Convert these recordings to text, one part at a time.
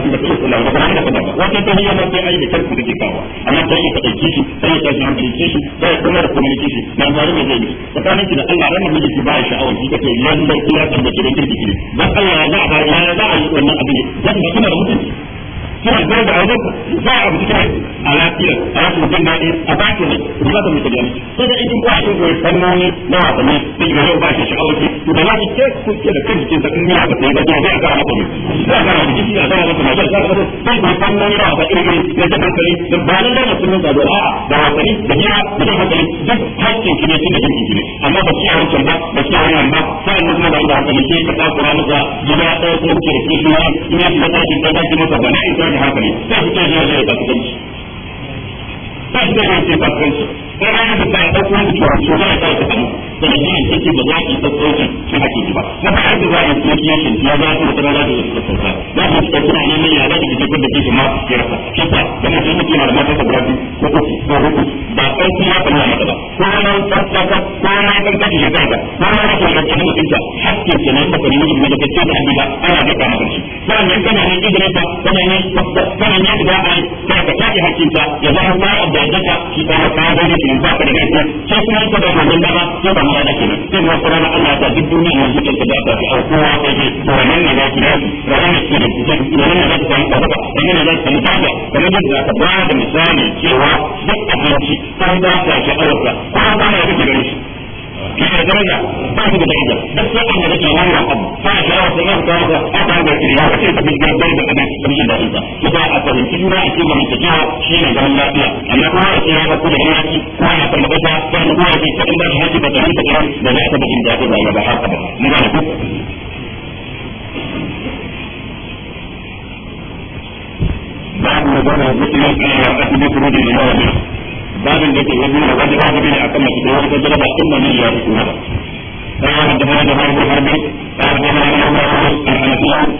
abin da kai kula da kuma da kuma wata ta hiyar da sai ai da tarku da kikawa amma sai ya dauke shi sai ya tashi hankali shi sai kuma da kuma shi na zaru ne zai tsakanin ki da Allah ran miji ki ba shi awon shi kace lalle kula da kirkin kirkin ba Allah ya za a ba ya za a yi wannan abin da kuma da mutunci suna zai da aure za a rubuta a lafiya a rashin jin daɗi a baki ne da za ta mutu sai da ikin fannoni na wasanni da ga yau ba shi sha'awar ki to da lafi ke ku ke da kan jikin ba sai ba ta zai ne za a kara jiki a zama za a fannoni na irin na ta hankali da ba nan da mutum da da a'a da wasanni da da ta hankali duk hakkin ki ne da ki ne amma ba ki yawon can ba ba ba hankali ke ka gida ɗaya ko ke da kishi ne da ta ta masa ba na بات کر sai an yi da ɗauko da kyau to za a sa ta kama da jini take ba za ki ɗauko ki ki hake ki ba na ba da ba a yi negotiation ya za ku tsara za ku ta tsara za ku ta kuna ne mai ya za ba tafi da kike ba ki rasa shi ba da mutum ba na da mata da rabi ko ko ko ko ba sai ki ya kana mata ba ko ba ta ta ko ba ta ta ki ga ba ko na ta ta ki mutum ta hakke ki nan ba ka da kake ba ana da kama shi sai ne kana ne gidan ta kana ne kana da ai ka ta ki hakkin ta ya zama ba da ka ba ta kenan ba ka da gaskiya sai kuma ka da gogon dama sai ba mala duniya ne suke da ta fi au kowa sai dai to wannan ne za ki da da misali cewa duk abinci sai ka shi ka kuma ba yana da daraja ba su da daraja da sai an da kawo ne abu ba a shawara sai an kawo da aka da kiriya sai ta bi da bai da kana da shi da shi kuma a fahimci ba a cikin mai tafiya shi ne zaman lafiya amma kuma a cikin ya ku da yana ci ko ya san da ba ko ya kuma ya ce da shi da ta da da za ta bi da ta da ba haka ba ba ga ku بعد ما جرى مثل ما في خروج الإمارة بابن بيت الهدي وغادي بعض بيت أكمل سبحانه وتعالى أكمل من الله سبحانه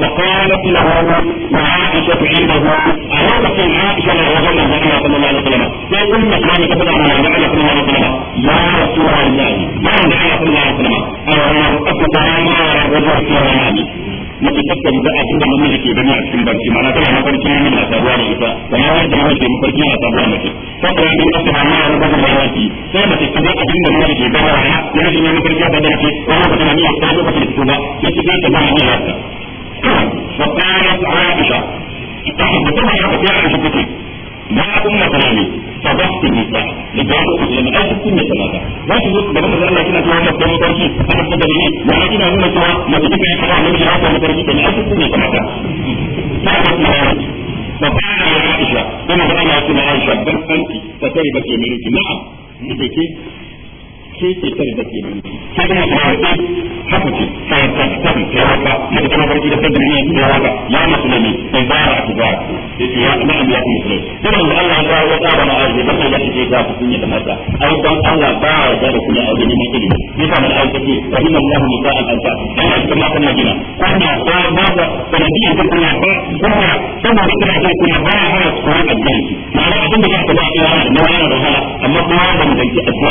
وقالت له عائشة عنده النبي صلى الله عليه وسلم يا رسول الله يا النبي صلى الله عليه وسلم أنا أتوقع ما رجع في النبي mace tattar da abin da namiji ke gani a cikin barci ma'ana tana mafarki ne na sabuwa da ita kamar wanda namiji ke mafarki na sabuwa mace saboda yadda aka samu a rubar da yaki sai mace ta ga abin da namiji ke gani a namiji ne mafarki da dace wani ba tana niyyar ta lokacin da fito ba sai ta ta ba niyyar ta. Wa qalat Aisha ta ce ta ce ya ce ya a fulani fa basti bi fa da ga ku da mai aiki ne kamata za ki zo da manzo Allah kina cewa mai dai barki a cikin da ni ya na kina nuna cewa mace kika yi fara mun jira ko mai barki da mai aiki ne kamata fa basti bi fa fa ya Aisha kuma da Allah ya ce Aisha dan anti fa sai ba ke mai na'am kike sai ke tare da ke sai kuma ta yi haka ce sai ta tafi ta wata daga kuma barki da sabbi ne ta wata ya sai ba ba ya an Allah ya ba da da mata ai Allah ba kuma mai ilimi ka mai aiki rahim Allah mu ta an ta dan kuma kuma gina ba ba kuma ba kuma kuma ba hana ma'ana abin da ka ba na wani da amma kuma da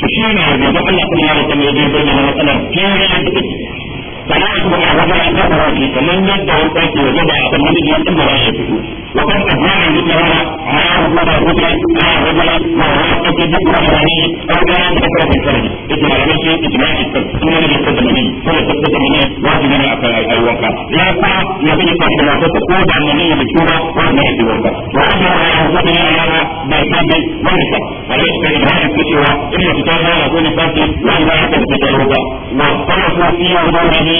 shi ne da Allah kuma ya sanya zai bayyana matsalar fiye da kana kuma a wajen an ta fara ke kamar yadda an ta ke wajen ba shi a ya rubuta da kuma a ya rubuta da kuma a ya ake ne da ta zama ne ko da ta zama ne ba su gani a ne a kiwon ka ba su ne a ya rubuta da ya rara ba su ne ba su ne ba ne ba su ne ba ne ba ne ba su ne ba su ne ba su ne ba su ne ba su ne ne ba su ne ne ba su ne ba su ne ba su ne ne ba su ne ba su ne ba su ne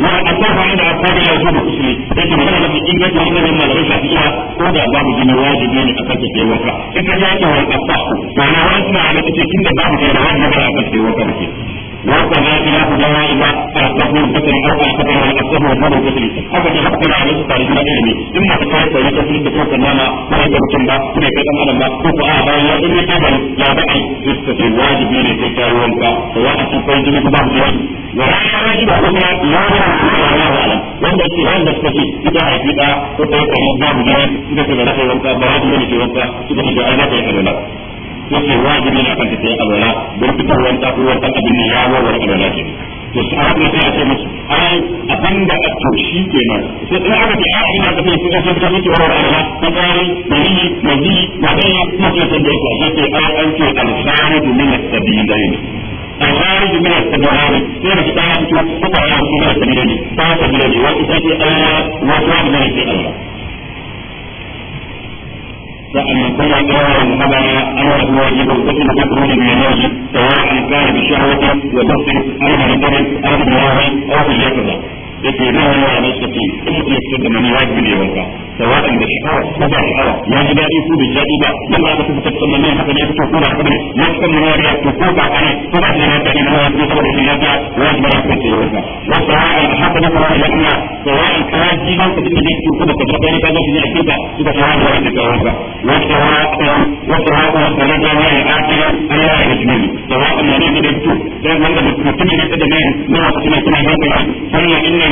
wa Allah wa inda akwai da yau da kusuri yake magana mafi inganci wa inda malamin shafi'a ko da babu jini wajibi ne a kanta sai wanka in ka ji ake wa kafa to na wani na alaƙa babu da ke وكما خلاف ذلك تكون فتنة أو فتنة والأكثر وجود الفتنة هذا في حق الله عليه الصلاة والسلام إما تكون سيئة في الدكتور كنانا ولا يمكن ده كما يكتم على الله فوق آبا يأمي أبا لا دعي جسة الواجب من التكار وانت سواء تكون جميع بعض الواجب ولا يجب أن يكون لا يجب أن يعلم wanda yake wanda suka ce ita haifi da ko ta yi kamar babu gani suka ce da rafe wanka ba wajen da ke wanka suka ce da aina ta yi kamar yake wajibi na kan sai alwala don fitarwar ta ruwan ta abin ya warware alwala ke to a aka sai ce musu ai abin da a to shi kenan sai in aka ce ai ina ka sai kuka sai ka miki warware na ta kare mali mali ma dai ma sai ta dai sai ce ai an ce al-kharij min as-sabilain الخارج من السبعان سورة كتاب سورة سبعان سورة سبعان سورة سبعان وإذا في الله وصواب من الله فأن كل إمام هذا أمر واجب وكل تكون من الواجب سواء كان بشهوة وبصر أو بغضب أو بنواه أو بجسد yake wani wani ya da mani wajibi ne wanka da ko ya ji daɗi ko bai daɗi ba dan aka fi fitar da mani haka ne na wajibi ya ne ko da haka da da ya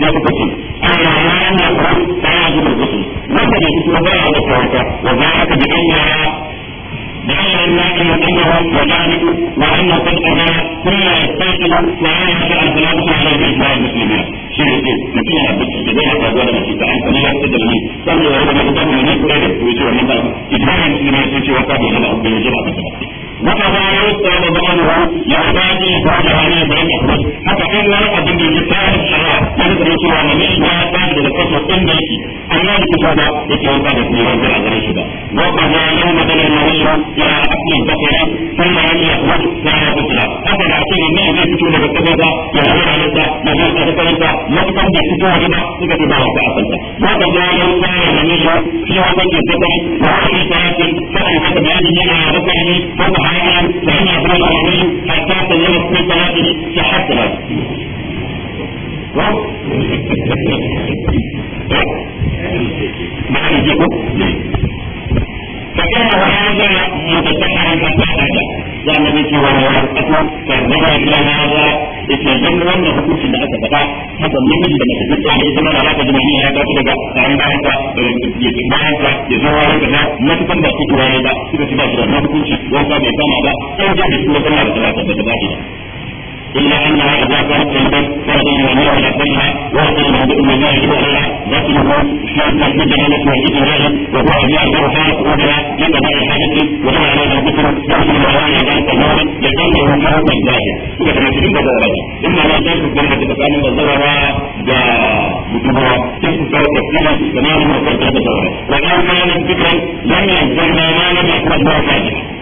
ya fi kuɗi ala ya na kuɗi ta ya ji burbuɗi wanda kuma ba ya da kawata wa za ka bi an yara da an yara na kan mutum ya wani wa dani wa an na kuɗi ba kuma ya tafi wa an ya ta ya yi bayan musulmi shi ne ke mutum yana da cikin da ya faruwa da mace ta an kuma ya fi da mai saboda da mutum ne ne da ce wannan ba ne ya ce wata bai da abin da ya ce ba wata ba ya zama da ya ba ni ba da hannu ya bari kafin haka da ya ta yi tsara ta ya ba da da ya ke a gare shi ya yi ya haka yin da hannu ya kuma da haka da ake yi da ya zai ta kasa ba ya fi kan da العالمين وان رب العالمين حتى تمر في صلاته صحتها فكان هذا متسحرا حتى هذا da annabi ce wani wani kasu ka gaba gida na yawa yake dan wannan hukuncin da aka faɗa haka namiji da mace duk ne zama da alaka ne ya ta daga tsarin bayan ka ya ci bayan ka ya zama wani na matukan ba su kuwa ne ba suka ci ba su da hukunci wani bai kama ba sai ya ji su da kuma da ta ba ta ba إلا أنها إذا كانت البيت فهي ممنوع لكلها وقت المنبئ من لا يجب عليها لكنه شاب يجب أن يكون يجب عليها وهو أبناء الغرفة قبل لقضاء الحاجة وهو عليها ذكر يحصل عليها ذلك النوم لكنه شرط الزاجة إذا كانت تجد ضرورة إما لا تجد بأن تتفاهم الضرورة بجبرة تجد صوت السنة تماما وتجد ضرورة وكان كانت ذكرا لم يجبرنا ما لم يخرج به فاجح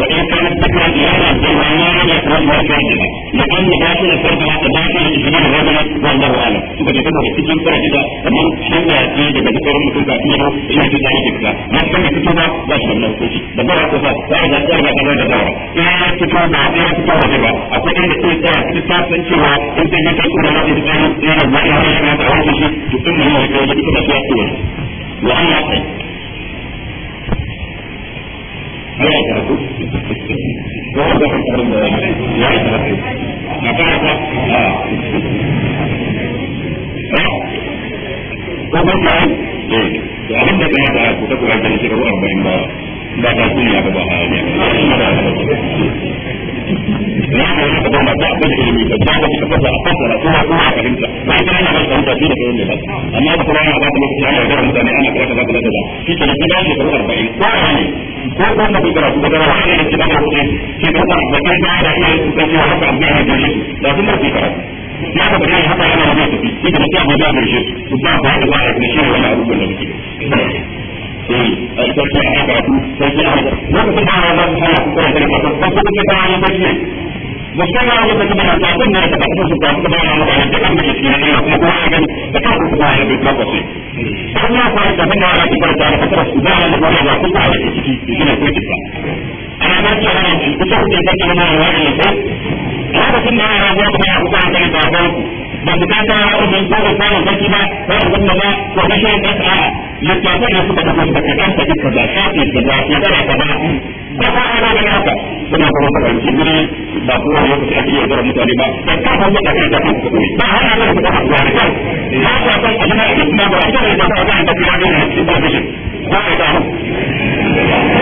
وإن كانت ذكرى زيارة بالمعنى يكون كاذبا لكن داخل الفرقة داخل الإجماع الرجل والله أعلم إذا كنت تكون كاذبة أما شنو في إذا كنت تكون كاذبة إلى في ذلك ما كان كتابة ذات من الكوشي دبر كتابة فإذا كان كمان دبر إلى كتابة إلى كتابة أقول إن كتابة كتابة سنشوى أنت ما تكون لا تتعلم إلى ما يعلم ما تعلم شيء ثم هو يكون كتابة وأنا أقول yana karatu ko da kan a da yana karatu na fara ba ko ba ta eh to abin da ya da ku ta kura da shekaru 40 ba ba ta kunya ba ba ne na ga ba za a fada ilimi ba za a wata kafa a fassara kuma kuma a fahimta ba ita yana ba fahimta shi da kayan da ba amma da kuma ba lokaci ana gara mutane ana kira ta za ta shi ke da kuma shi kamar arba'in ko a ne ko ko na kuka rasu daga wani ne ke ba kuɗi ke ba ta arba'in ba da iya kuka cewa haka abu yana da shi da sun da kuka rasu ya ga bayan haka yana da tafi shi da kuma da shi su ba ba da ba da shi ne wani abubuwan da muke eh sarki a ga ku sarki a ga lokacin da ya zama kana ku kai da ku sarki da ya zama musamman a lokacin da ta kunna da ta ta kuma na magana da kan da shi ne kuma ko ya gani da ta kusa ta ya bi ta kusa sai ya fara da bana da ta ta ta ta su da na magana da ku ta ciki shi ne ku ta ana ma ta ne ku ta ta ta na magana da lokacin da yana rabuwa kuma ya kusa hankali da rabuwa ba su kasa wajen ko ko ko zaki ba ko abin da ba ko kashe ka ka littafi da suka kafa da kadan da duka da shafi da da ya dara ka ba ko ka ana da haka suna kuma fahimci gure ba ko wani lokaci ake yi da mutane ba da ka fahimta da kai da kai ba har ana da haka da kai ya ka san abin da ta ga da kai da kai da kai da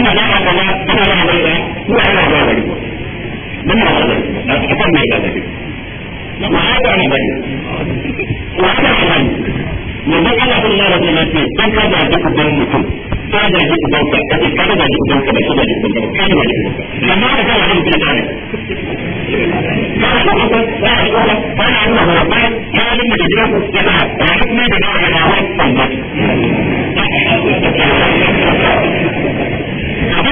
ina da haka na ina da haka na ina da haka na ina da na ina da haka na ina da haka na ina da haka na yanzu ana son yara da na ce an ka zaɓi uban mutum ka zaɓi ka ka ka zaɓi ka ba ka zaɓi uban ka ka zaɓi ka amma da kana da mutum da ne ka ga ka ga ka ga Allah ya ba ya da ya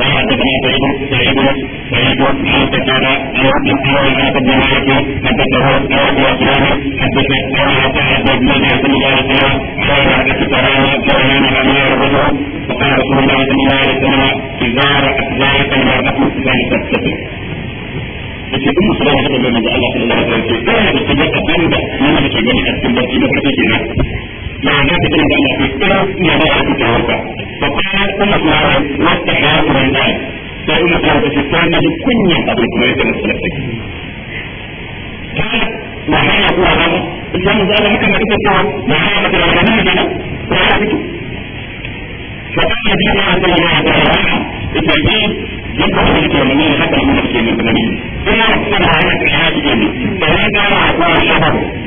قال حدثنا سعيد سعيد سعيد عن قتادة عن عن بن مالك حدثه أبو أسلام حدثت عن عطاء بن رسول الله صلى الله عليه وسلم قال كان أمير الرجل فقال رسول الله صلى الله عليه وسلم إذا رأت ذلك المرأة فلتستتر yake in musu zama haka da manzo Allah sallallahu alaihi wasallam sai da su ga abin da mun da ke gani a cikin barci da kake kenan ما جاءت كلمة أن يسترى إلى بيعة التوفى فقال أمة العرب والتحيات والآن فأمة العرب الإسلام لكل قبل كويت المسلسل قال وحالة هو هذا الإسلام قال لك أنك تتوى وحالة العالمين جدا وحالته فقال بيعة صلى الله عليه وسلم التجديد يقول لك المؤمنين حتى المسلمين بالنبي إلا أكثر على الحياة الجميل فهذا هو الشباب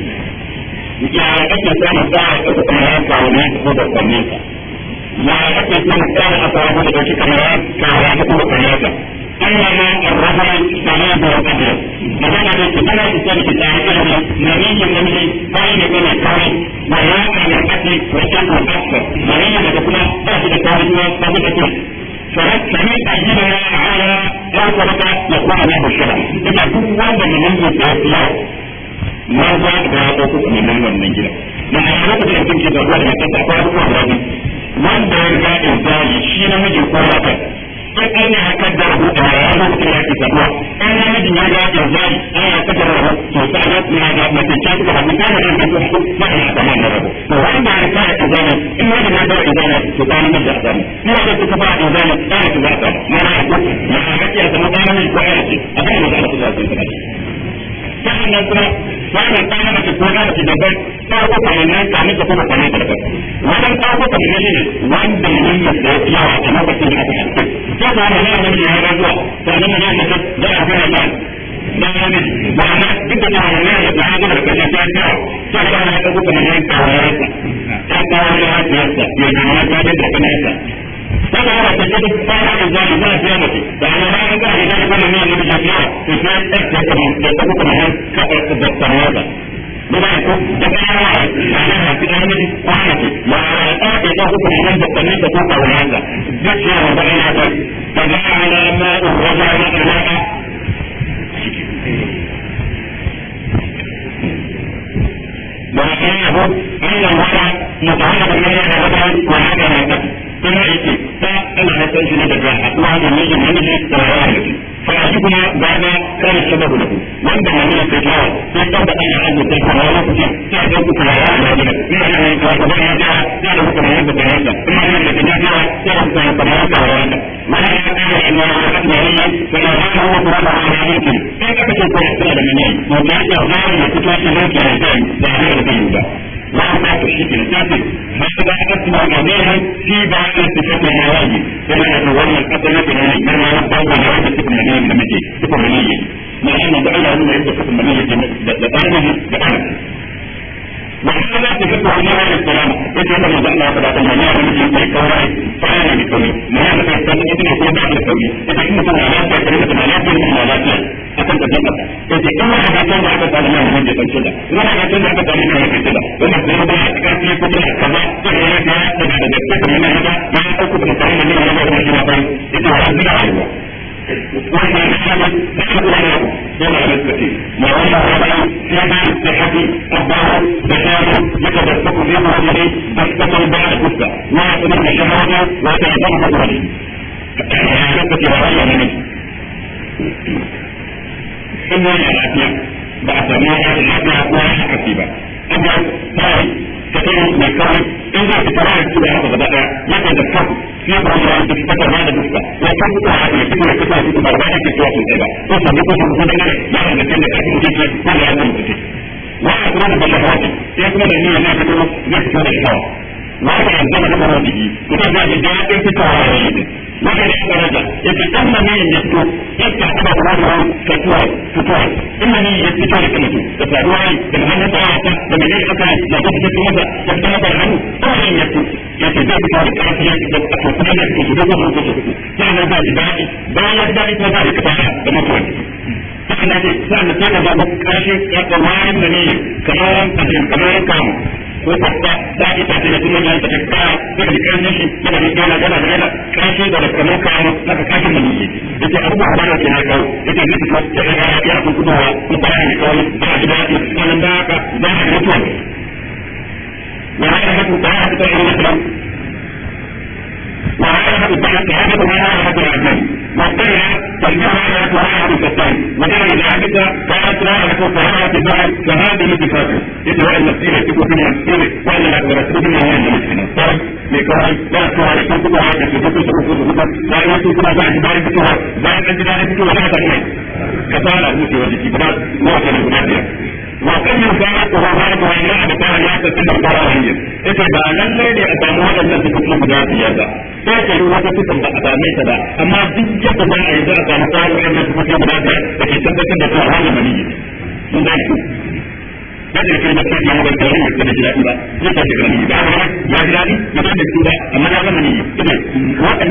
ya yi kake son za a kasa kuma ya kawo ne ko da kwanin ka ya yi kake a kasa kuma da kake kama ya kawo ne ko da kwanin ka an yi ma a rahama sami ya kawo kaje zama da su kana su son su kawo na yi yin wani yi da kuma kawo ba ya kawo ya kake rashin ko kasa ba yi yin kuma ba shi da kawo kuma ba shi da kuma فرد سميع أجيبنا على أن ترك يقوى الله الشرع إذا كنت وانا ma za ka ga ko kuma nan wannan gida na a lokacin da kike da wannan kasa ko kuma rabi wanda ya ga in zai shi na miji ko an ya kaddara da ya zo da ya kisa ko in na miji ya ga in zai an ya ko to sai ga ga ta ko ba ta da ko ma ta man rabu to wanda ya ka da zai in ya ga da zai to ta nan da zai in ga ka ba da zai ta ta zai ma ma ya ga ya ta man rabu ko ya ce a ga da sannan kuma wannan ta hana ki kuma da ki bai ta ko kamar nan ka miki kuma kamar da bai wannan ta ko ta nan ne wanda mun yi da ya a lokacin da aka hanta ko ba mun yi wani ya ga zuwa sannan mun yi da da a fara ba da wani ba na duk da mun yi da ya ga da kaje ta ta ta ta ta ko kamar nan ta ta ta ta ta ta ta ta ta ta ta ta ta ta فانا انا كذبت فانا عن ذلك لا قيامتي يعني ما عندي اذا كنا من النبي جميعا اثنين اكثر يتفق معهم كالضبط هذا بمعنى تكلم واحد معناها يعني في كلمة قامتي وعلى الآن يتفق معهم بالتنين تفوق وهذا ذكر وضعنا ذلك فجعل ماء الرجل ماء ولكنه أن الوضع متعلق بين الرجل وهذا ما يتفق sai yake ta ana haifar shi ne daga ne da mijin da rawa da shi fa shi kuma gaba kan sababu da wanda mai ne kai tawa sai kan da ana abu ta kuma wani kuce sai da kuka rawa da shi ne ina ne ka ya ta ya da kuka rawa da ta ina ne da ta ta ya da kuka rawa da ta ya da mana ya ta ya ne ka ga ne da na rawa da kuma da rawa da shi sai ka da ne ne ta ya da kuka rawa da ta da ne da مهما تشرك الكافر هذا اسمى جميعا في بعض صفات الحوادث كما نتولى الحسنات التي كما نبدا الحوادث تكون منيه لما تيجي تكون منيه لان ده الله انه يبدا تكون منيه ده ده ده وهذا تفكر عليها السلام إذا لم يدعنا فلا تنهيها من في الكورة فأنا بكوني ما هذا في السلام إذن يكون بعد الكوني إذا كنت من علاقة كريمة من علاقة من علاقة أكن تجمعك إذا كما علاقة بعد السلام من جدا ಮಾಡಿದ್ದಾರೆ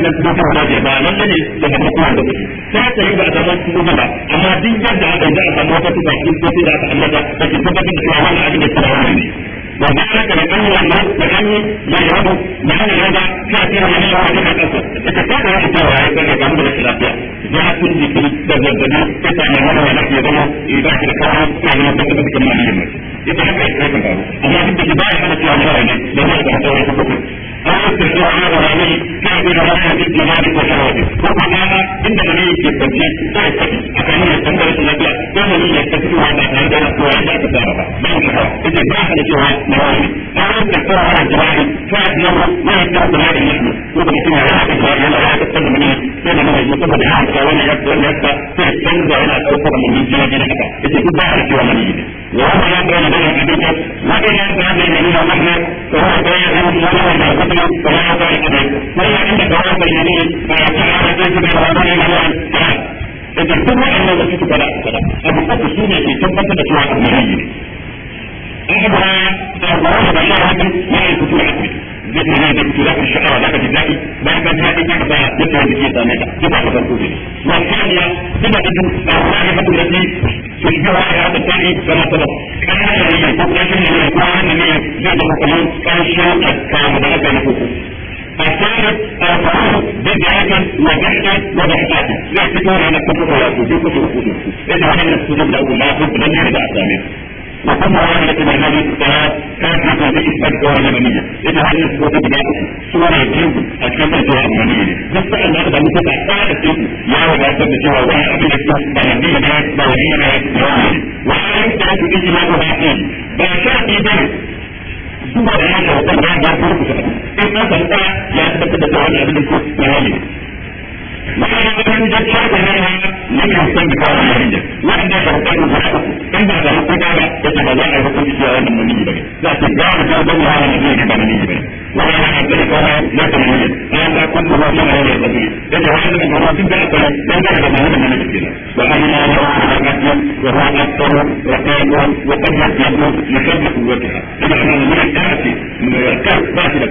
waɗannan dokin guda biyar ba nan ne daga hukumar da kuke sai ta yi ba a zama cikin ba amma duk da aka yi za a samu wata tuka cikin sai da aka annaba da ke tabbatar da cewa wannan abin da ke da wannan ne وذلك لأن الله لأني لا يرد لأن هذا كافر من الله من الأسد تتكاد يحتوى أيضا يقام بالخلافية جاءت لكي تزدد تتعلمون ونحن يظن إذا كنت تعلم تعلم تتبت كما يمت ita haka ya kai faru amma duk da ba ya cewa mara ne da ba da tsawon su kuma an yi ta cewa ana wara ne kai da da ba ya duk da ba da ko shawara ko kuma inda ne yake kwanciya sai a kan ne tambayar lafiya hankali da ta fitowa ba tare da kowa ya ta tsara ba ba ka ba ita ba ka da cewa na wani ta wani da kowa ya ta wani ta yi nan ma ya ta kula da mutum ko da mutum ya ta kula da ya ta kula da mutum sai da mutum ya ta da haka wani ya ta ya ta sai canza yana ɗauka da mutum ya ji da haka ita duk ba ka cewa mani ne وهذا يبين بين الحديث وبين هذا الذي ذكرنا وهو بين المسلمين والمسلمين ولا يبين بين من يعتقد بين اليمين فيقول هذا ليس من الوطن الا da duk wa'annan da suke fara a kada a duk wata su ne ke tabbatar yi ne in ka fara da wani da ya haɗu ya yi a kai zai fi yin da fito za ka sha'awa za ka ji daɗi ba ka ji daɗi ka fara yadda wanda ke same ka zai fara farko ne ba ka fara ya zai fara duk ya fara su yi gawa ya haɗa ta yi zama ta ba ka yi ya kuma na koko الثالث الفعل بدعة وجحة وجحتها لا تكون على الكفر ولا تجيب كفر وجوب إذا علمنا السجود لأول لا بد لن يرد أعزامه وثم وعلى الإمامات الثلاث كانت في إثبات جوة اليمنية إذا هذه الصورة بداية صورة يجيب أكثر الجوة اليمنية بس أن أخذ أن تبع ثالث جيب يا ولا أكثر الجوة ولا أكثر بلدينا بلدينا بلدينا وعلى الثلاث الإجماع وحيد بشرط ذلك ഇതുപോലെയാണ് ഞാൻ ഞാൻ പൂർത്തിക്കുന്നത് ഇപ്പൊ സർക്കാർ യാത്രത്തിന്റെ പോകാൻ അതിലേക്ക് ന്യായമില്ല ما يوجد شيء منها لم يهتم بكون النبي وعند تهتم بحقه إذا تهتم بها يتبلع بكل شيء من النبي بني لكن لا تنوير هذا كله ما كان هذا الرجل إذا واحد من المراتب بلغ بلغ بلغ من النبي وأنا لا وهو أكثر رقيقا وقد يكون لكم قوتها إذا احنا نمر من الكهف باطلة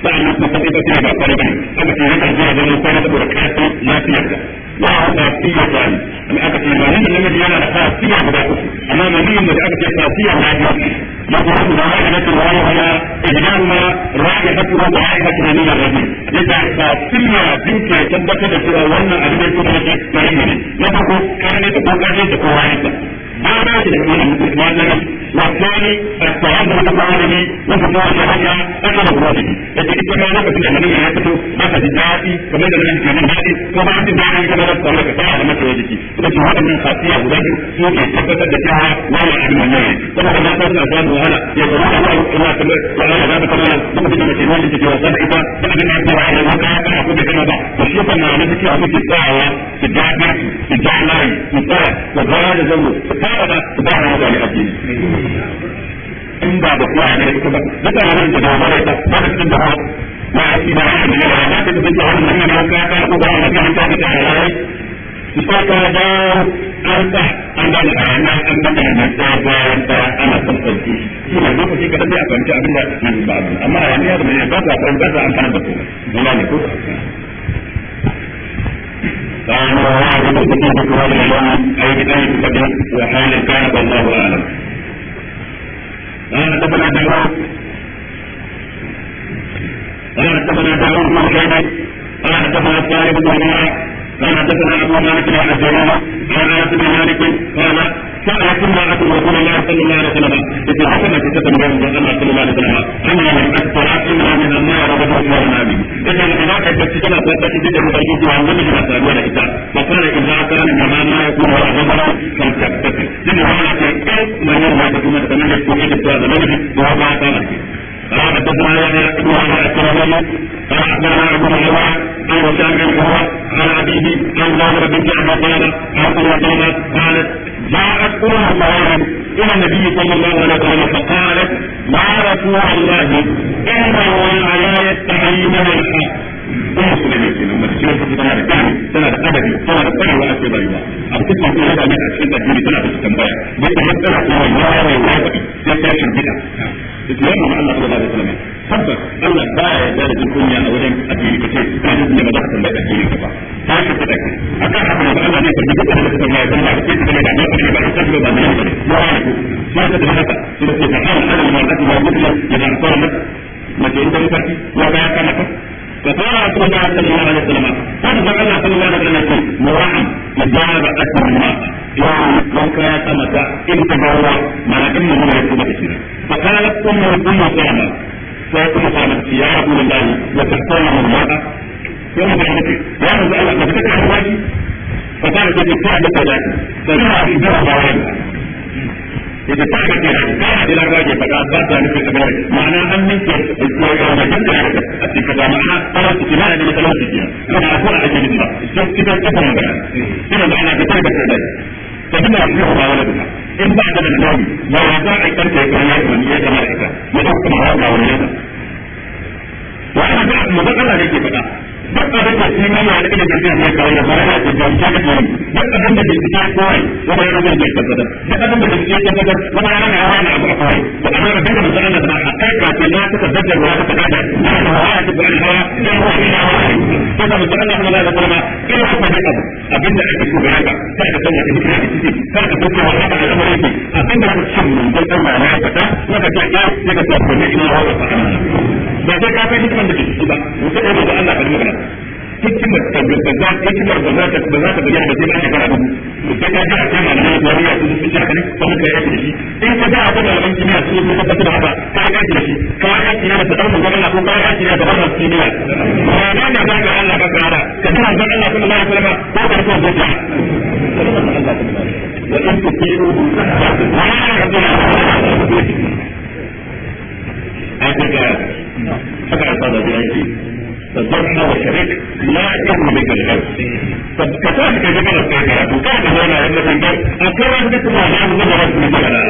sa'annan kuma sai ka ba ga fargan aka ce yana zuwa zaman kwana saboda kafin lafiyar ka ya ba fiye da ni amma aka ce ba nan da namiji yana da kafiya guda uku amma maniyin da aka ce kafiya na biyu ما تقول رائحة الرائحة إجمالنا رائحة رائحة من الرجل إذا فاسمنا تلك تبكت في أولنا أجل كل شيء ما ko كانت تقول كانت تقول رائحة هذا المؤمن والثاني التعبد بالمعالم وفتوى الشهادة أكل الواجب إذا كنت ما لك في الأمنية يكتب لك في الدعاتي كما لك في الأمنية وبعد الدعاء كما لك لك تعالى ما تواجدك لكن هذا من خاصية أولاد سوق يتحدث بها ولا يعلم الناس طبعا ما كان أزال وهلا يقول الله إلا كما ولا لا بطلع لقد كما تنوان لك وصل إذا بعد ما يطلع على الواقع فأقول كما بعد فالشيطة ما لك أعطيك الدعوة في الدعاء في الدعاء في الدعاء وقال له abada ba ya da addini in ba da kuwa ne ita ba duka wannan da ba ta ba cikin da ba a ci da wannan da ba ta cikin da wannan ne ba ka ka ko ba wannan da ta ta rai ki ta ka da an ta an da da an da an da da ta ba ta ana son sauki shi ne lokaci ka dai a kwanci abin da ba amma a wani yaro ne ba ta kwanci ba ta an kana da ko ne ko فأنا واحد مستقيم في هذا اليوم أي بداية بدأت وحال كان والله أعلم قال حدثنا داوود قال حدثنا داوود بن حيدر قال حدثنا الطالب بن ربيعه منگا قال حدثنا يحيى بن يحيى الكرمي قال اخبرنا ابو الهواء عن وسام بن قرة عن ابيه عن ظاهر بن جعفر قال عن قرة قالت جاءت امه مريم الى النبي صلى الله عليه وسلم فقالت يا رسول الله ان الله لا يستحي من الحق وصل اليقين وما تشير في سنة الثاني سنة أبدي سنة الثاني ولا شيء ضيوا أو تسمع في هذا من أشياء الدين سنة في التنبيه بس هذا هو يا رب يا رب يا رب islam ma Allah sallallahu alaihi wasallam tabbas Allah baya yarda da kunya a wajen addini kace ka ji ne ba za ka tambaye addini ka ba sai ka fada ki aka haka ne Allah ne farki da kuma ya dan ba ki da da ba ki ba ki ba ne ba sai ka da haka sai ka fara Allah ma da ba mutum ya dan fara mace idan ka ci ya ga ka maka فقال رسول الله صلى الله عليه وسلم قد فعل صلى الله عليه وسلم مراعي مجاوب أكثر المرأة يوم وكا سمك انتظر ما إنه لا يكون بشيرا فقالت أم أم سلمة فأم سلمة يا رسول الله وتستلم المرأة يوم بعدك يا رسول الله لقد أحوالي فقالت لك تعبت ذاك فجاء في جرى بوابها إذا تعبت ذاك قالت إلى الراجل فقالت لا تعرف كذلك معنى أن منك وجدت لك أتي كذا معنى قالت لا أنا مثلا فيها أنا أقول أجل الله الشمس كذا كذا معنى كذا معنى كذا ka ji na yi kuma in ba da nan ba za a yi karfe kan yi kuma ya zama ita ya kuma wani da wani da wani da wani da wani da wani da wani da wani da wani da wani da wani da wani da wani da wani da duk abin da shi mai yana da jirgin da fara da ya kawai yana da duk abin da a kawai da a kai kafin na suka zaddar ruwa suka kada na da hawa ya da ne da mutum da kuma da kuma abin da ake kuma ka wata wata da abin da ku mun ka ta ya ka ta ko ne ina hawa ba sai ka kai da ke ba mutum da Allah hikimar ta gaza hikimar ba za ta ba za ta bayyana ba sai fara dubu sai ka ji a kai malaman jami'a su su ta kare kuma ka yaki da shi in ka ga a ga malaman kimiyya su su ka tafi da haka ka yaki da shi ka yaki da ta dan magana ko ka yaki da ta dan ba na da ga Allah ka kara ka tana ga Allah sallallahu alaihi wasallam ko ka ko zuwa wa in tukiru a فالضحى والشريك لا يهم بك الغرب فكذلك ذكر السيدات وكان هنا عندك الباب أكره بك ما لم نظرت من على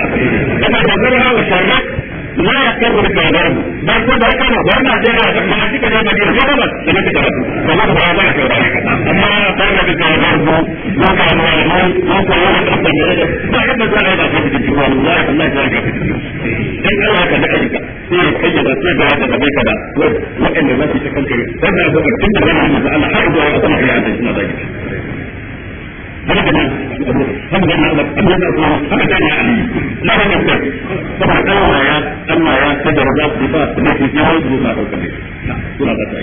لما تضرها والشريك لا يقر بك الغرب بل كل ذلك وانا جاء ما عندك يا مدير غربت لما تكرهت فالله تعالى كذلك أما يقر بك الغرب وقع مع الموت وقع يوم الأفضل ما عندك ولا يدعى wallahi wallahi sai ka fita dan Allah ka da ka sai ka da sai da haka kada da tun da da Allah har da da da Allah ya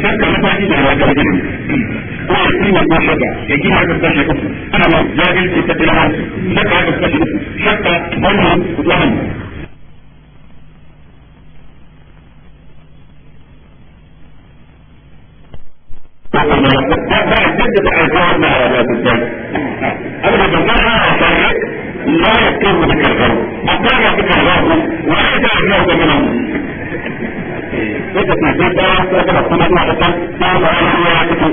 shakka mataki da wata ilimi ko a kima ko shakka ya kima ka tashi kuku ana ma jahilci ta tilawa shakka ka tashi kuku shakka wannan kutuwan جدد أعزائنا على ذات الجنة أما بنظرها أعطائك لا يكون بك الغرب أعطائك بك الغرب وإذا أعطائك منهم sai ka ce ta ta ta ta ta ta ruwa ya fito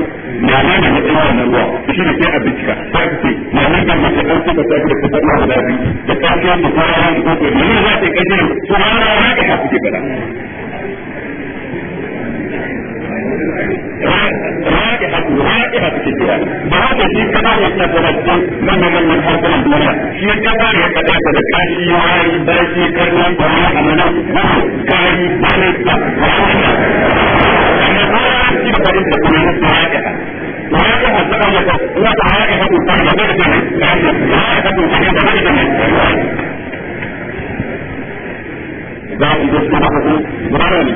na ne ne mutum a bincika sai na ne ta da kuma da biyu da ta ce ta ta ta ta ta ta ta ta ta ta ta ta ta ta ta ta ta رائحة رائحة كثيرة وهذا في كبار يتبرد من من من حصل الدنيا في كبار يتبرد كاشي يعاري باشي كرنان براء منا نحو كاري مالكة وحوشة أنا أرى أنت بقريب تكون رائحة وهذا الزمن هو رائحة فرد بلد رائحة فرد بلد ذلك يجب أن نقول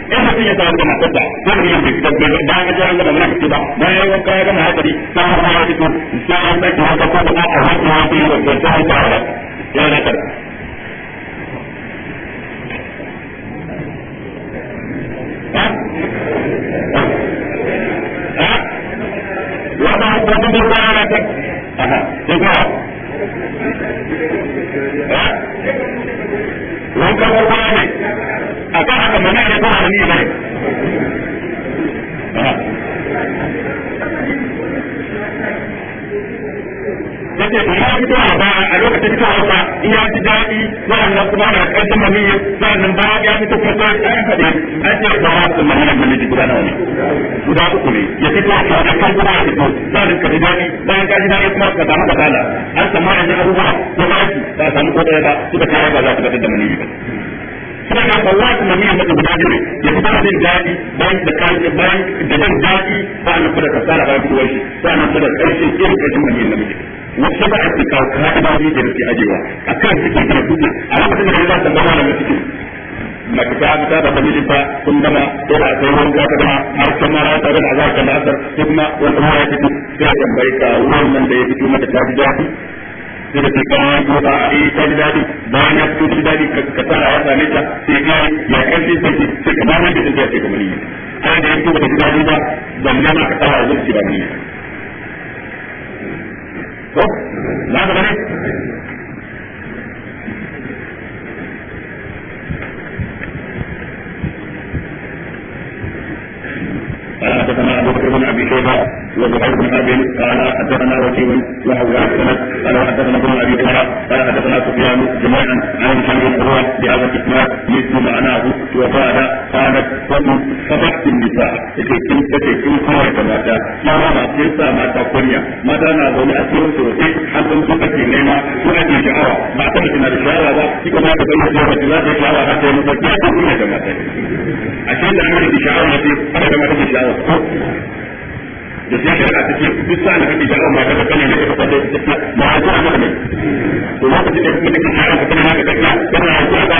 نیاک مسافر wani ne ya fito a baya a lokacin fitowa ba in ya daɗi wa'annan kuma na ƙarfin maniyi wa'annan baya ya fito kuma ta ɗaya faɗi an ce ba su guda nawa guda uku ne ya fito a kan kan guda a fito sa'adin ka ji daɗi bayan ka ji daɗi kuma ka samu kasala an samu yanzu abubuwa ba ba samu ko ɗaya ba suka kaya ba za su da maniyi kana wallahi kuma ni annabi guda ne da fita jin dadi bayan da kai bayan da jin dadi ba na fara kasara ba duwar shi ba na fara karshe irin kashin manyan namiji wasu ba a fita ka'idoji da nake ajewa akan cikin karatu a lokacin da Allah ta bada da cikin mace ta ta da mijin ta kun gama ko da sai wanka ta gama har ta ra ta da azar da azar kuma wanda ya fito sai tambaye ka wannan da ya fito mata ta ji sai ka ce kama yi ba a yi ta eh, daɗi bayan ya fito ji daɗi ka sa a ya same ta sai ka ya ƙarfi sai ki sai ka bayan da ta ce ka mani sai da ya ba daɗi ba ban nan tsara ba na ga bane حدثنا ابو بكر بن ابي شيبه وزهير بن حرب قال حدثنا وكيل وهو حدثنا قال حدثنا ابن ابي عمر قال حدثنا سفيان جميعا عن شيخ الروح بهذا الاسناد مثل معناه وقال قالت فضحت النساء تكتم تكتم كويت ماتا يا رب تنسى ماتا كنيا ماذا نظن اسير سوتي حتى تكتم لنا تؤدي شعوى ما تكتم الشعوى كما تبين شعوى لا شعوى حتى يمتلك كويت ماتا أشهد أن الشعوى التي أنا ما تكتم da sai ka ta ce duk sa ne kake da amma da kana ne ka fada da ta ma to ma ta ce da kake da kana da da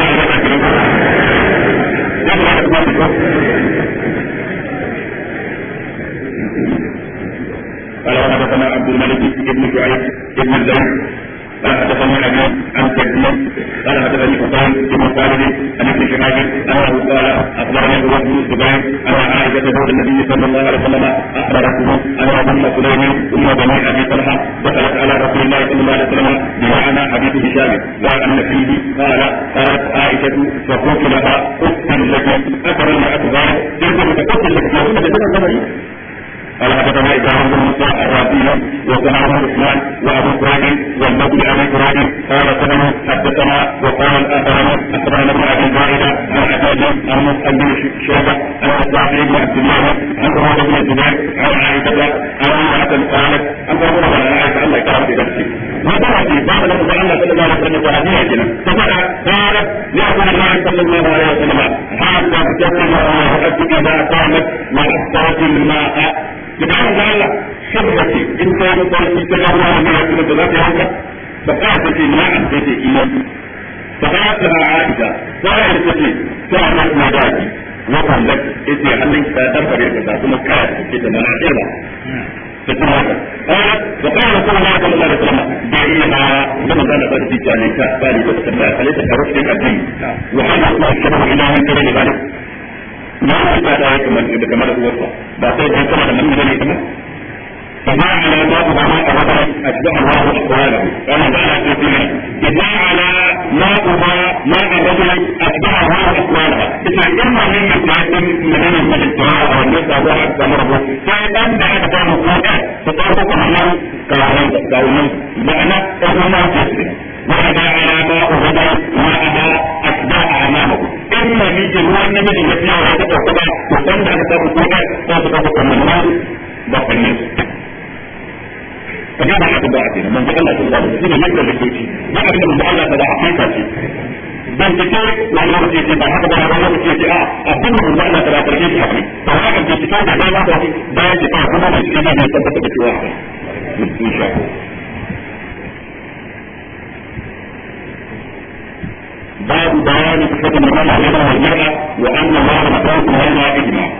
القرآن بصفة المقام عليها والجمع وأن الله مقام عليها إجماع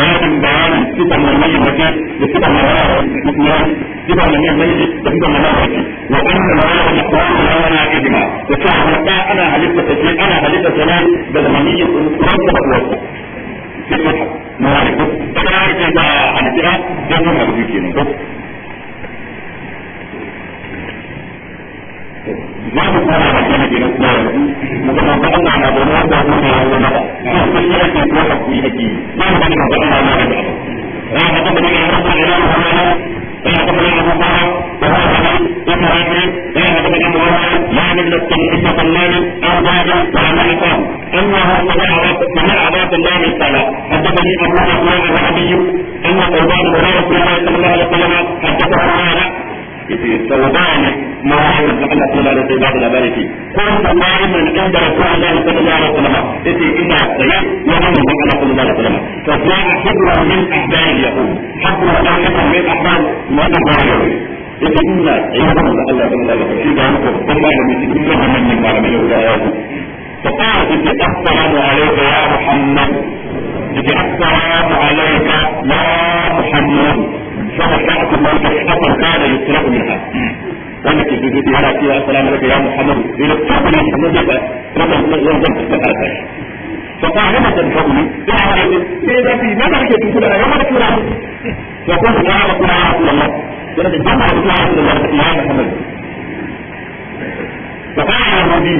باب بيان الصفة المنية التي الصفة المنية الاثنان الصفة المنية الميت والصفة المنية وأن الله مقام عليها إجماع وصاحب أنا حلفت تسليم أنا حلفت سلام بالمنية والصفة والصفة في المصحف ما هو الصفة أنا عارف إذا عن كده ده مهم ما بتنام على كلمة الإسلام متنظرنا على ضرورة هنا ولا نحن كل شيء في روحك في أكيد ما بنتنظرنا على هذا لا نقدر أن نرفع إلى محمد لا نقدر أن نرفع وهو علي ابن عمرو لا نقدر أن نرفع لا نملك ابن سلمان أو بعد ولا نقام أنه سمع سمع عباد الله من قال حدثني أبو عثمان الوهبي أن قربان هريرة صلى الله عليه وسلم حدثه قال سودان ما أحمد لعل صلى الله عليه وسلم بعض الأبارك كنت قائما عند رسول الله صلى الله عليه وسلم إتي إلا السيد وأنا لعل صلى الله عليه وسلم فكان حبر من أحبار اليهود حبر من أحبار اليهود yake nuna ya zama da Allah bin Allah shi da muku dan malami shi duk wannan manyan malamai da ya yi fa qala inna assalamu alayka ya muhammad yake assalamu alayka ya muhammad الإسلام بتاعته ما يتحقق كان يسلك منها wanda ke bibi da yana cewa assalamu alaikum ya muhammadu sai da kafin ya samu da wannan zan zan ta karata shi fa qala ma tan fa'uli ya halaye sai da fi ma kake tuku da rayuwa da kira ya ko da ya ko ya Allah yana da jama'a da ya da ya muhammadu fa qala ma bi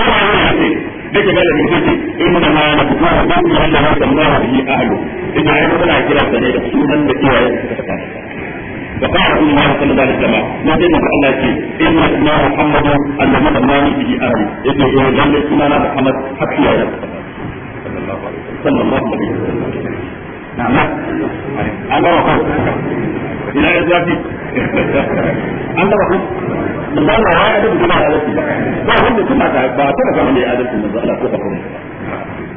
sai ya ce duka galibin kuke in muna ma na fito a kan kuma da haka ma a yi ahlu ina ya kuma kira ta ne da sunan da iyaye suka saka da ba a kuma sallallahu alaihi wasallam na dai mu Allah ce inna ma muhammadu annabi da mani bi ahli yake yau eh, dan sunan Muhammad hakiya sallallahu alaihi wasallam an gama ko ina ya zafi an gama ko ba na ya da kuma da adalci ba wanda kuma ka ba ta ga mai adalci ko ka kuma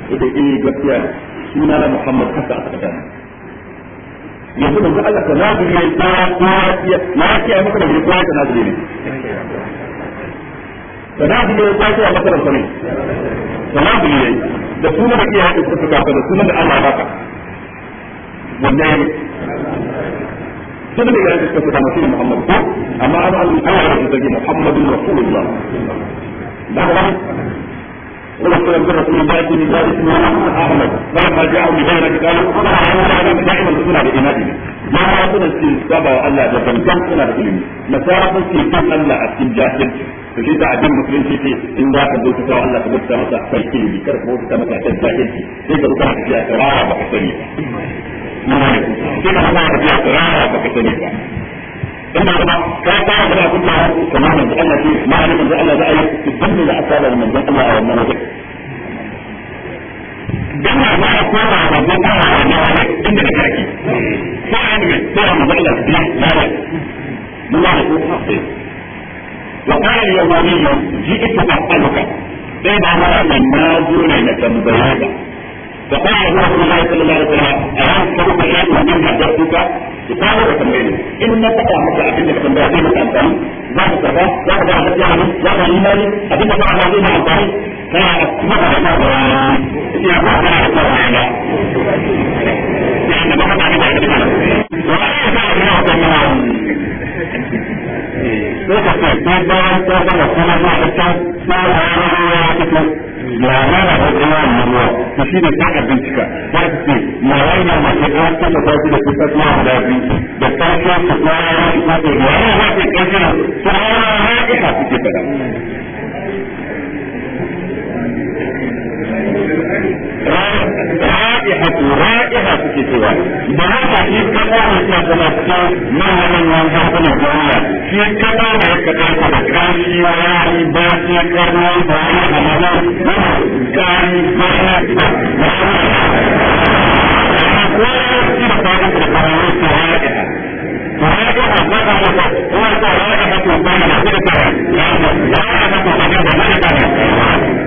idan gaskiya suna na Muhammad haka aka kada yanzu manzo Allah ta nazari ne ta ya na kiyaye maka da riwaya ta nazari da nazari da sanin da da kuma da kiyaye da da Allah baka wannan duk da ya ce ka samu shi Muhammad ko amma an an an da zage Muhammadun Rasulullah da ba ورسول الله رسول الله بن ذلك من احمد لما جاءوا بغير قالوا انا انا دائما كنا بإنادي ما ربنا في سبع الله ده كان كان كنا بإنادي مسارة في كان الله أكيد جاهل فشي ده عدم مسلم في في إن ذاك دو تسوى الله كبير سمسا فالكلمة كرفوه سمسا تجاهل في إذا كانت في أسرار بحسنية imani kina kuma da ya tsara ba ka sani ba إما كما كان تعرف أن كل كمان من الله فيه ما علم من الله بقى يتبني لأسالة من الله أو من الله جمع ما يكون على الله أو من الله إنت بكاكي فعلا من سورة من الله لا لا لا من الله يكون حقيقي وقال اليوماني جئت أسألك إذا مرأة الناس لنتم بيادا فقال رسول الله صلى الله عليه وسلم أهل كلمة شيء من حدثتك كتابة وتمرين إن تقع مثل أحد لكم بأبين الأنفان ذات الصفاء ذات بعض الأحد ذات الإيمان أبين بعض الأحدين عن طريق فأسمع الله يا الله لا أكبر على لأن بحث عن بعض الأحد وأعيش على الله تمام لو كنت تقول تقول تقول تقول تقول تقول تقول labara ko kuma na ruwa shi ne kaka bincika za ka ce mawai na mace kuma ta da kusa kuma da biyu da karshe su kuma ya yi kuma da ya yi ta yi ya yi ya yi ya yi ya yi ya yi ya rakyat rakyat itu semua. Berapa jika orang yang berlaku mengalami langkah orang yang berlaku berkasi, orang yang berlaku orang yang berlaku dan Orang yang berlaku berlaku berlaku berlaku berlaku berlaku berlaku berlaku berlaku berlaku berlaku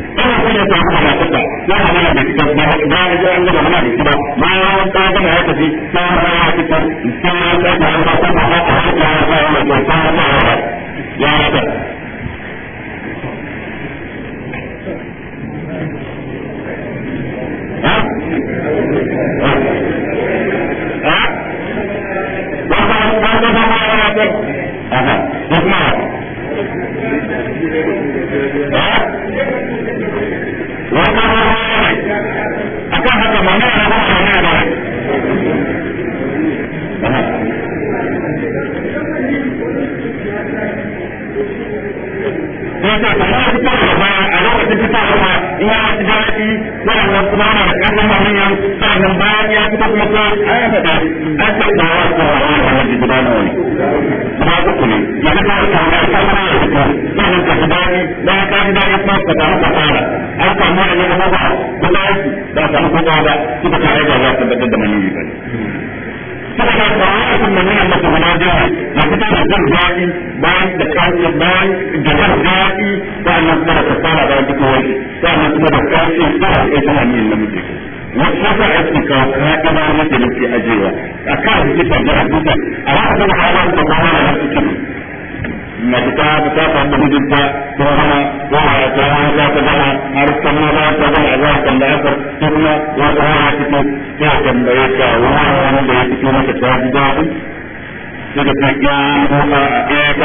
ana son ya samu halakata ya hamana da ita ba ba ya ji an gaba da ita ba ya ta gama ya tafi ta ya fita ta ta ta ta ta ta ta ta ta ta ta ta ta ta ta ta ta ta yake ba fitar da baya a lokacin fitar da baya in ya ci daɗi wannan kuma na da ƙarfin maniyan sannan bayan ya kuma ko yi da ba wa wa wani ba kuma ya ga ka ya ka fara da kuma ka samu ka fara an samu da ne ba ba ku ba ku ba ku ba ba ku ba ku ba ku ba ku ba ku ba saboda ƙwayatun da nuna masa guda jihar ya fito da jin daɗi bayan da kafin bayan da jin daɗi sa'annan kuma da kasara na duk wani sa'annan kuma da kafin sa'a ya tana niyan namiji wata afirka ta ɗaba mata da ke a kan jifa da a na cikin mace ta ta ta samu mijinta ko hana ko haya ta hana za ta gana har kuma a ta gana za ta tambaya ka ko kuma za ta hana da ya ta daga ta ya roƙa ya ta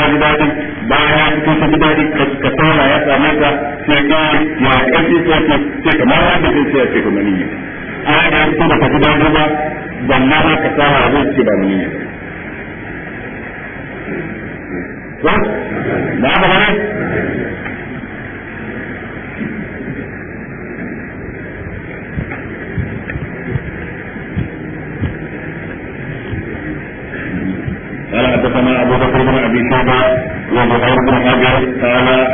ji daɗi baya ya fito ta ji daɗi ka tsara ya same ka sai ka ya ƙarfi sai ka sai ka ma wanda zai sai ya ce kuma niyya a ya fito da ka ji daɗi ba ban ma ka tsara abin ce ba niyya شوف لعبة غريب قال حدثنا ابو بكر ابي شيبه وزهير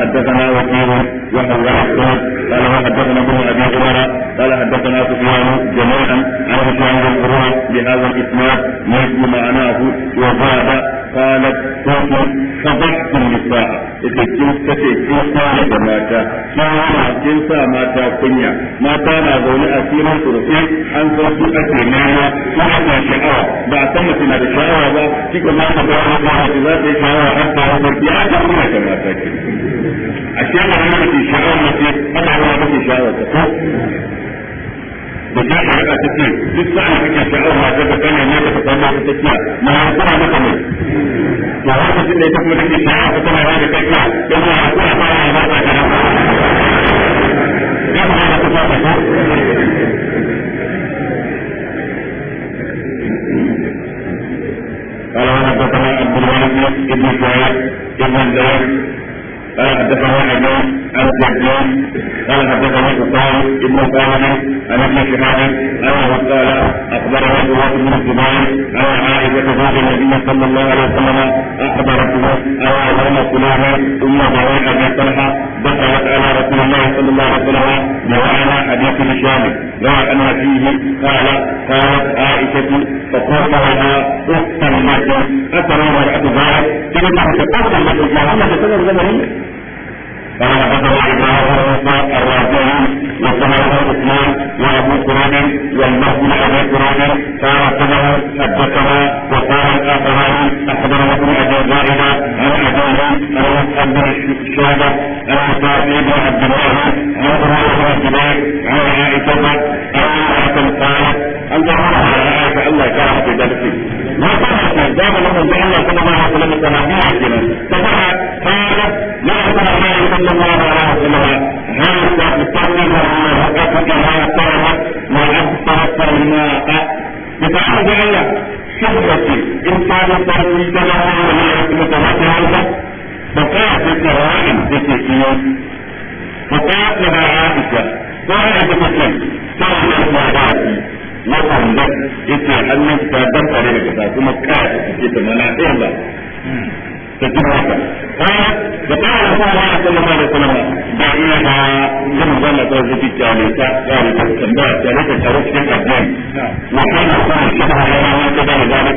حدثنا وكيل وحول الاسود قال وحدثنا ابن ابي هريره قال حدثنا سفيان جميعا عن هشام بن بهذا الاسناد يجد معناه وزاد قالت كنت سبقت النساء إذا كنت تتكي قالت ماتا شاونا جنسا ماتا كنيا ماتا نازولي أسيرا سرسي أن سرسي أسيرنا سرسي شعوا بعتمتنا بشعوا با تيكو ما تبعوا ما تبعوا شعوا حتى ومرتي أتبعوا كماتا كنيا أشياء ما تبعوا شعوا ما تبعوا شعوا تبعوا da ka yi ta ce duk sa'a kake sha'awa ta ga kana ne ka samu ta take na hakura maka ne ya haka shi ne ta kuma take sha'awa ta kana ne ka take don ya hakura ba ya ba ta kana ba ya ba ta ta ta قال حدثنا عبد الوارث بن سعيد بن زيد قال حدثنا ابي الزهري قال حدثنا اسامه بن سعيد عن ابن شهاب انا انه قال اخبره ابو بن الزبير انا عائشه زوج النبي صلى الله عليه وسلم اخبرته ان ام سلامه ثم زوج ابي طلحه دخلت على رسول الله صلى الله عليه وسلم وعلى حديث هشام روى انا فيه قال قالت عائشه فقلت لها اختا لك اترى امراه ذلك تنصح تقول لك اللهم تسلم زمني قال حدثنا ابراهيم الرازي وطهارة الإسلام وأبو تراب والمهد أبي تراب فارقبه أدكها وقال الآخران أخبره ابن أبي زائدة عن أبيه رواه أبو الشهدة عن صاحب بن عبد الله عن أمير بن الزبير عن عائشة أن امرأة قالت أنت أمرها يا عائشة ألا كانت في ذلك ما كانت دائما لما جعلنا صلى الله عليه وسلم تنادي عندنا فقالت لا صلى الله عليه وسلم هذا كما طلبت وأبصرت الماء يتعرض على شهرة إنسان طلبي تبعه وهي متواترة بقاء في في كثير فقالت لها عائشة قالت تتكلم قالت لها waɗanda yake hannun ta danta ne daga ta kuma kaya ta ce تجيب هكا قال فقال رسول الله صلى الله عليه وسلم دعيها كما قال توزيتي كاليتا قال تتبع كاليتا شرط في الأبدان وكان أصلا الشبه يرى هكذا لذلك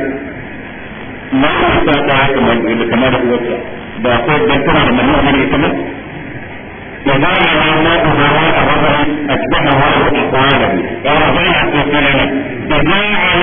ما استطاع كما هو باقول بنتنا لما نؤمن يتمت وبايع الله وراء ربه أشبهها أقواله ورضيع في كلمة فجعل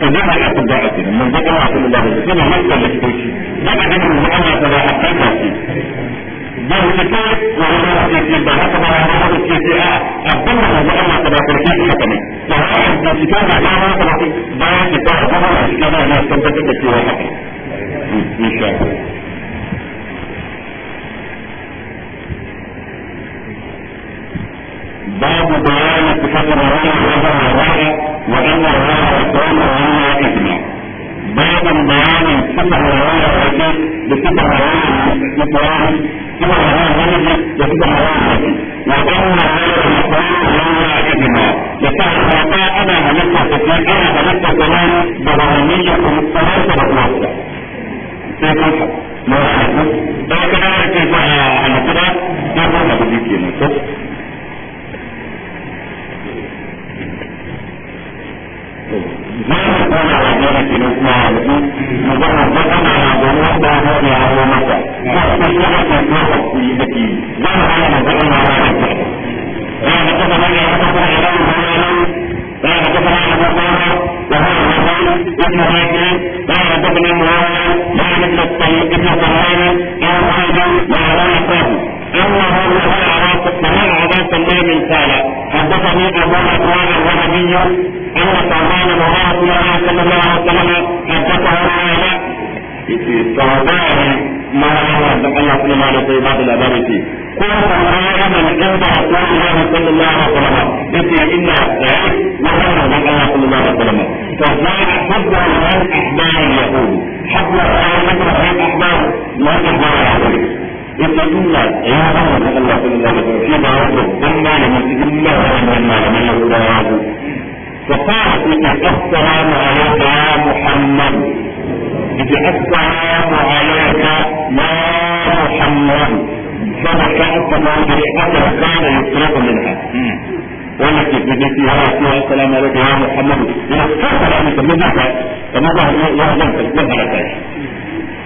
فده ما يحط الدعاء لما الزكاة ما يحط الدعاء كده ما يحصل لكتوش ده كده من الزكاة ما يحصل ده الكتاب وهو الكتاب ده طبعا هو الكتاب أبدا ما الله تبارك وتعالى كمان لو أحد الكتاب الله تبارك وتعالى ده كتاب طبعا الكتاب أنا استمتعت بكتابه إن شاء الله باب بيان اتفاق الرأي وهذا الرأي وإن الله يقول ولا إذن باب بيان صفة هواه الرسول بصفة هواه الإسلام صفة هواه الرسول بصفة هواه وإن الله يقول ولا إذن لكن ما أنا هلكت فتنة أنا هلكت كمان برهنية ومستمرة وقوة sai kanka na wasu ɗaya kada ya ce ba a na kada ya kuma da kuɗi ke nan ما يكون على ذلك الاسماء مجرد بطن على ضروح ضروح لعلومته وقت الشرط يتوقف في يدك ظهر على بطن على ربك قال كتب لي حدثنا علي هلالي قال حدثنا ابو طاهر وهو الرسول ابن هاشم قال حدثني معاويه يعني ابن ابن سلمان قال ايضا مع لا يقرب انه هو على سمع على سلام قال حدثني ابو اكوان الوهبي صلی اللہ علیہ وسلم ایسا یعنی رہا ہے صحابہ نے اللہ اپنے سے بات تھی بنگالی وقالت السلام عليك يا محمد السلام عليك يا محمد فبكأت مولي أنا كان يسرق منها وانا كيف بديتي يا رسول السلام عليك يا محمد يتكفر أن يسمينها فما ظهر يهزم تسلمها لك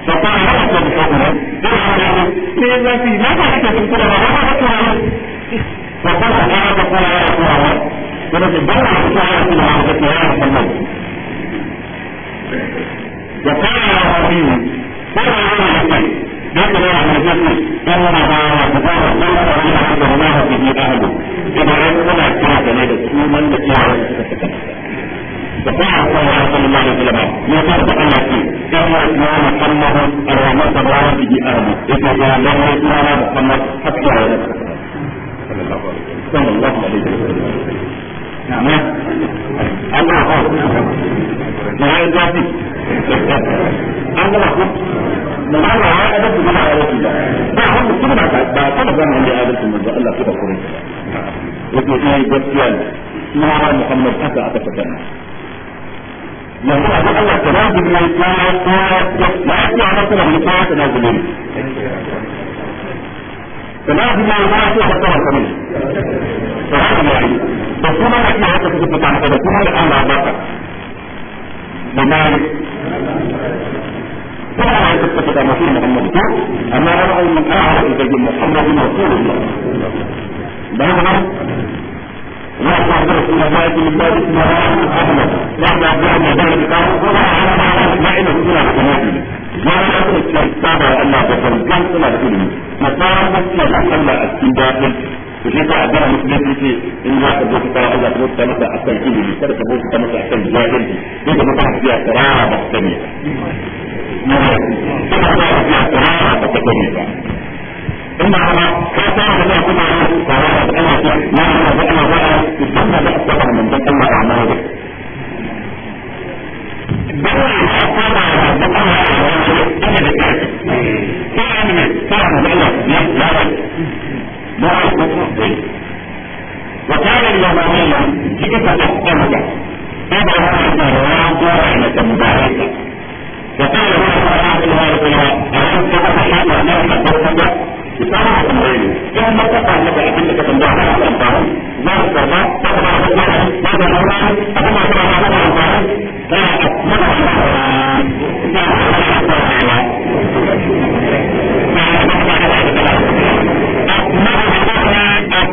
فقال رأسه بحكمه ماذا في ماذا في الكلام فقال أنا بقول يا رسول الله ولكن الدولة الإسلامية في معرفتها بالموت وقال العظيم كل يوم يقول ذكر على جسمه كما قال فقال قال فقال حتى الله به أهله إذا يقول أكتاك لدى سوما لكي فقال صلى الله عليه وسلم ما تربط الله فيه إن الإسلام حمه الرحمة الله به أهله إذا جاء له الإسلام محمد حتى صلى الله عليه وسلم نعم الله خالص نهاية دلوقتي الله خالص من أمر على أدب من عائلتي ده بعض الصبر بعتبر زمان اللي قابلت من قال لك كده قريب ابن ايه بس يلا ما أرى محمد أتى أتفتنا لأنه أقول الله تنازل من الإسلام لا أتي على صلح الإسلام تنازلين تنازل من الإسلام تنازل من الإسلام فهذا ما يعيد da kuma na iya haka suke fita maka da kuma da Allah ba ka da na kuma na haka suka masu Muhammadu ko amma na ma'ai mun ƙara haka da gajin Muhammadu na tsoro da haka nan لا تعبر في مزاج الله اسم رحمة da نحن أبناء ذلك قال ولا على ما لا ما إنه سنة حمادي ما da الكتاب أن ta كان سنة علم نصارى مسلم أحلى السباق shi ko addinin musulunci ce in za ka bauta wa Allah ka bauta masa akan ilimi kada ka bauta masa akan jahilci sai ka bauta masa karara ba ka ne إما على كذا ولا كذا فلا أنا لا أنا أنا ولا تسمى لا أستطيع من ذلك الله أعماله دعوة الحكومة والبقرة والبقرة والبقرة فعلا فعلا لا لا لا لا يستطيع وكان اليمانية جئت محتمدا إذا رأيت رواية مباركة فقال له صلى الله عليه وسلم أنت أتحدث عن أنك تفضل بصراحة غيري ثم تقع لك أنك تنبه على الأنبار ذلك ما تقع على الأنبار ماذا نرى أتما تقع على الأنبار لا أتمنى على الأنبار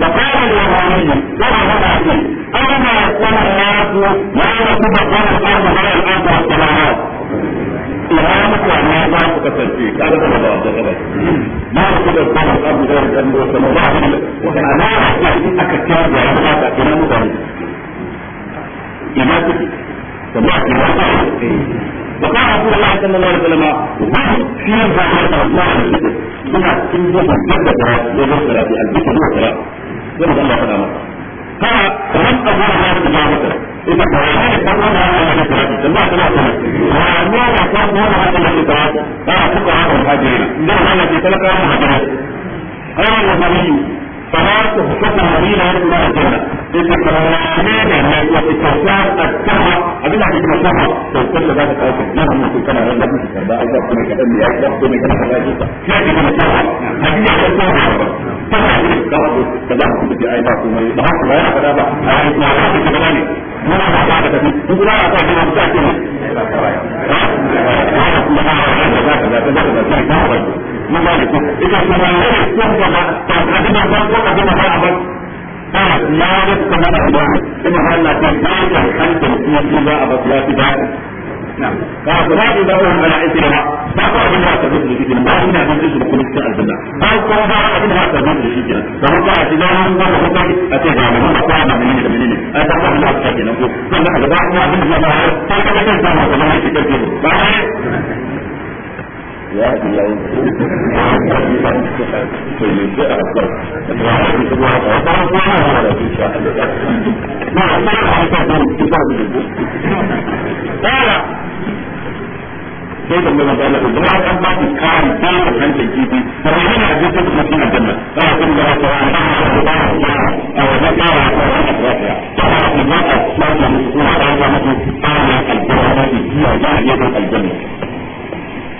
وقال اليهودي كما هو معلوم أما يكون الناس يعرف بطن الأرض على الأرض والسماوات إمامك وأنا ذاك تسجيك هذا هو الله غلط ما يكون بطن الأرض غير الأرض والسماوات وأنا أحتاج أكتاب وأنا إمام ذلك إمامك سمعت إمامك وقال رسول الله صلى الله عليه وسلم نحن في هذا الله بما تنزل مدة وذكر في البيت الأخرى يرضى الله تعالى قال فلم أظهر هذا تجاربك إذا كان يتمنى على ذكرك الله تعالى وما يتمنى على ذكرك قال فقراء الهاجرين لا هذا في تلك المهاجرين قال النبي فلا تحكم علينا يدخل الجنة إذا كرهنا من يتكسر الكهرة أبدا في المصحة تذكر ذلك أو تجنها من تلك الأرض لكن في كرباء أيضا كما كأن يأخذ كما كان حاجة كيف يكون الكهرة هذه هي الكهرة تفعل الكهرة تدعم كل في أيضا ثم يضحك لا يأخذ هذا أعيد مع بعض كبلاني ما هو بعض كبلاني يقول لا أعطى في مرساكين لا أعطى في مرساكين لا أعطى في مرساكين مباركة إذا تناولت تنفض تنفض تنفض تنفض لا رزق لنا الله إنها لا تنفض الحمد لله لا تبارك نعم فلا يدعوهم على إثرها فقط منها تبذل في جنة ما منها من إجل كل إساء الجنة بل قرها منها تبذل في جنة فمن قال سلاهم ولا تبذل أتجعل من أقوام من إجل من إجل أتقوى من أبقى جنة فلنحن بعضنا من الله فلنحن بعضنا من إجل كثير ya ji yayi to ne a ya ta ba ki sai da a wannan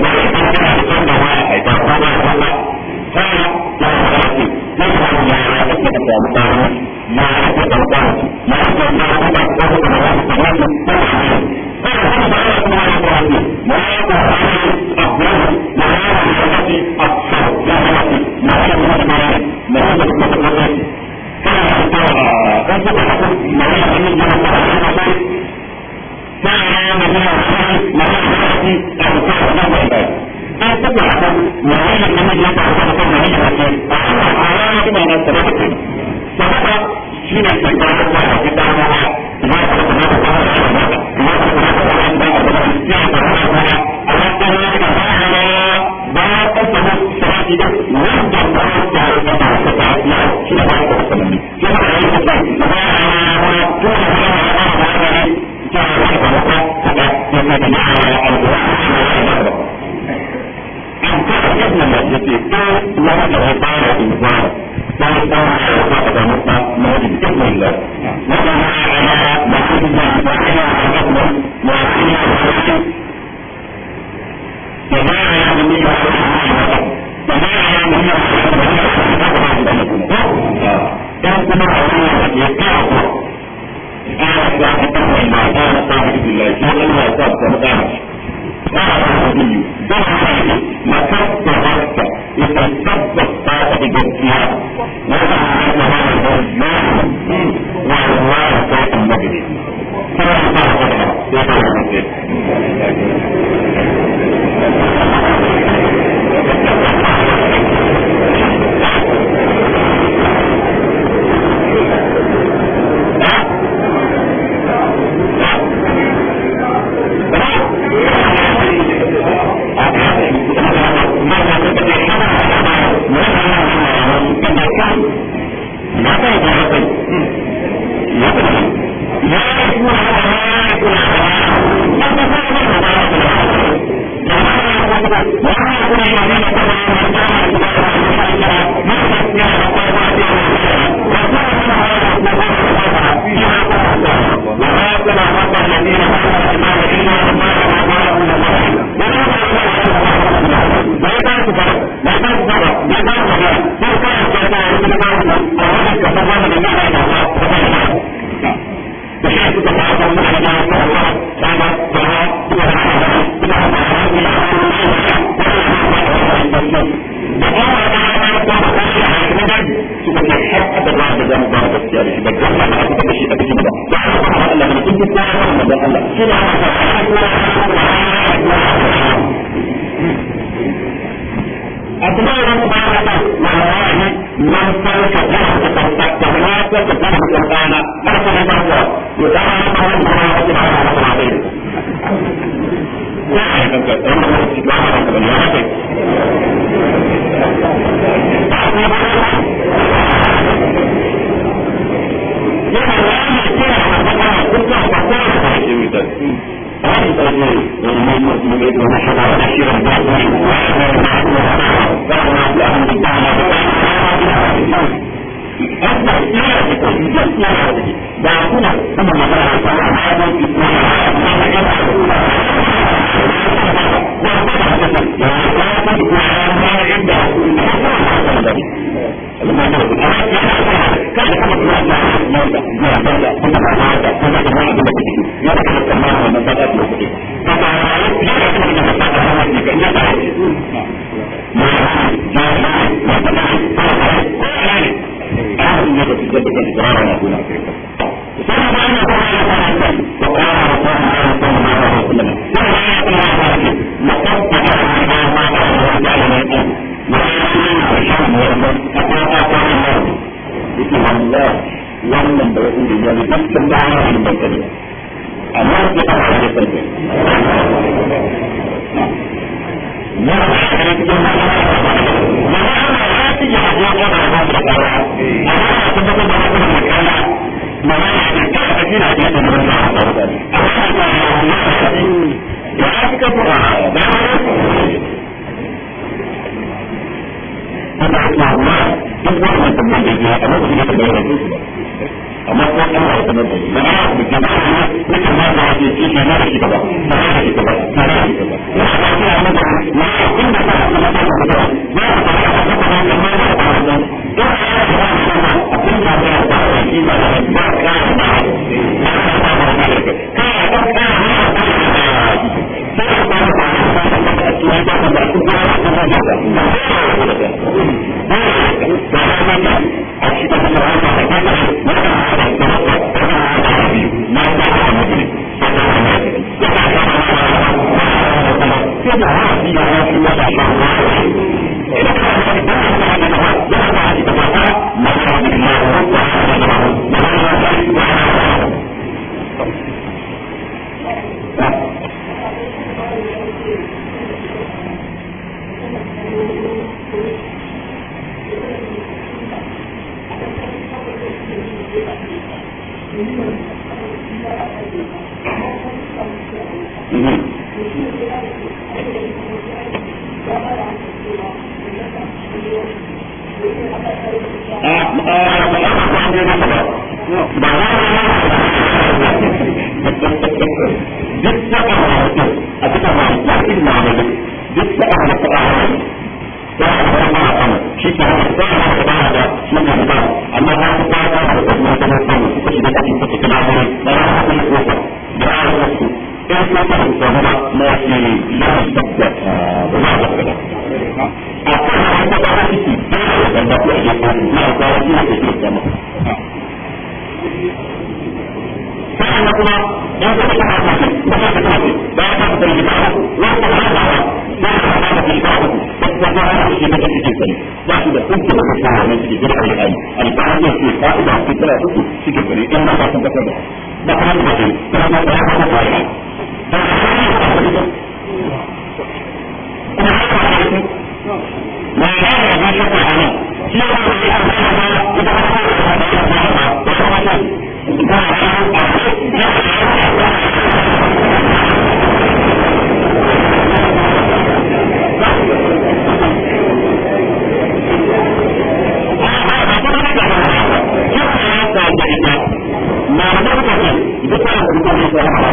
ہے しないでき Thank you.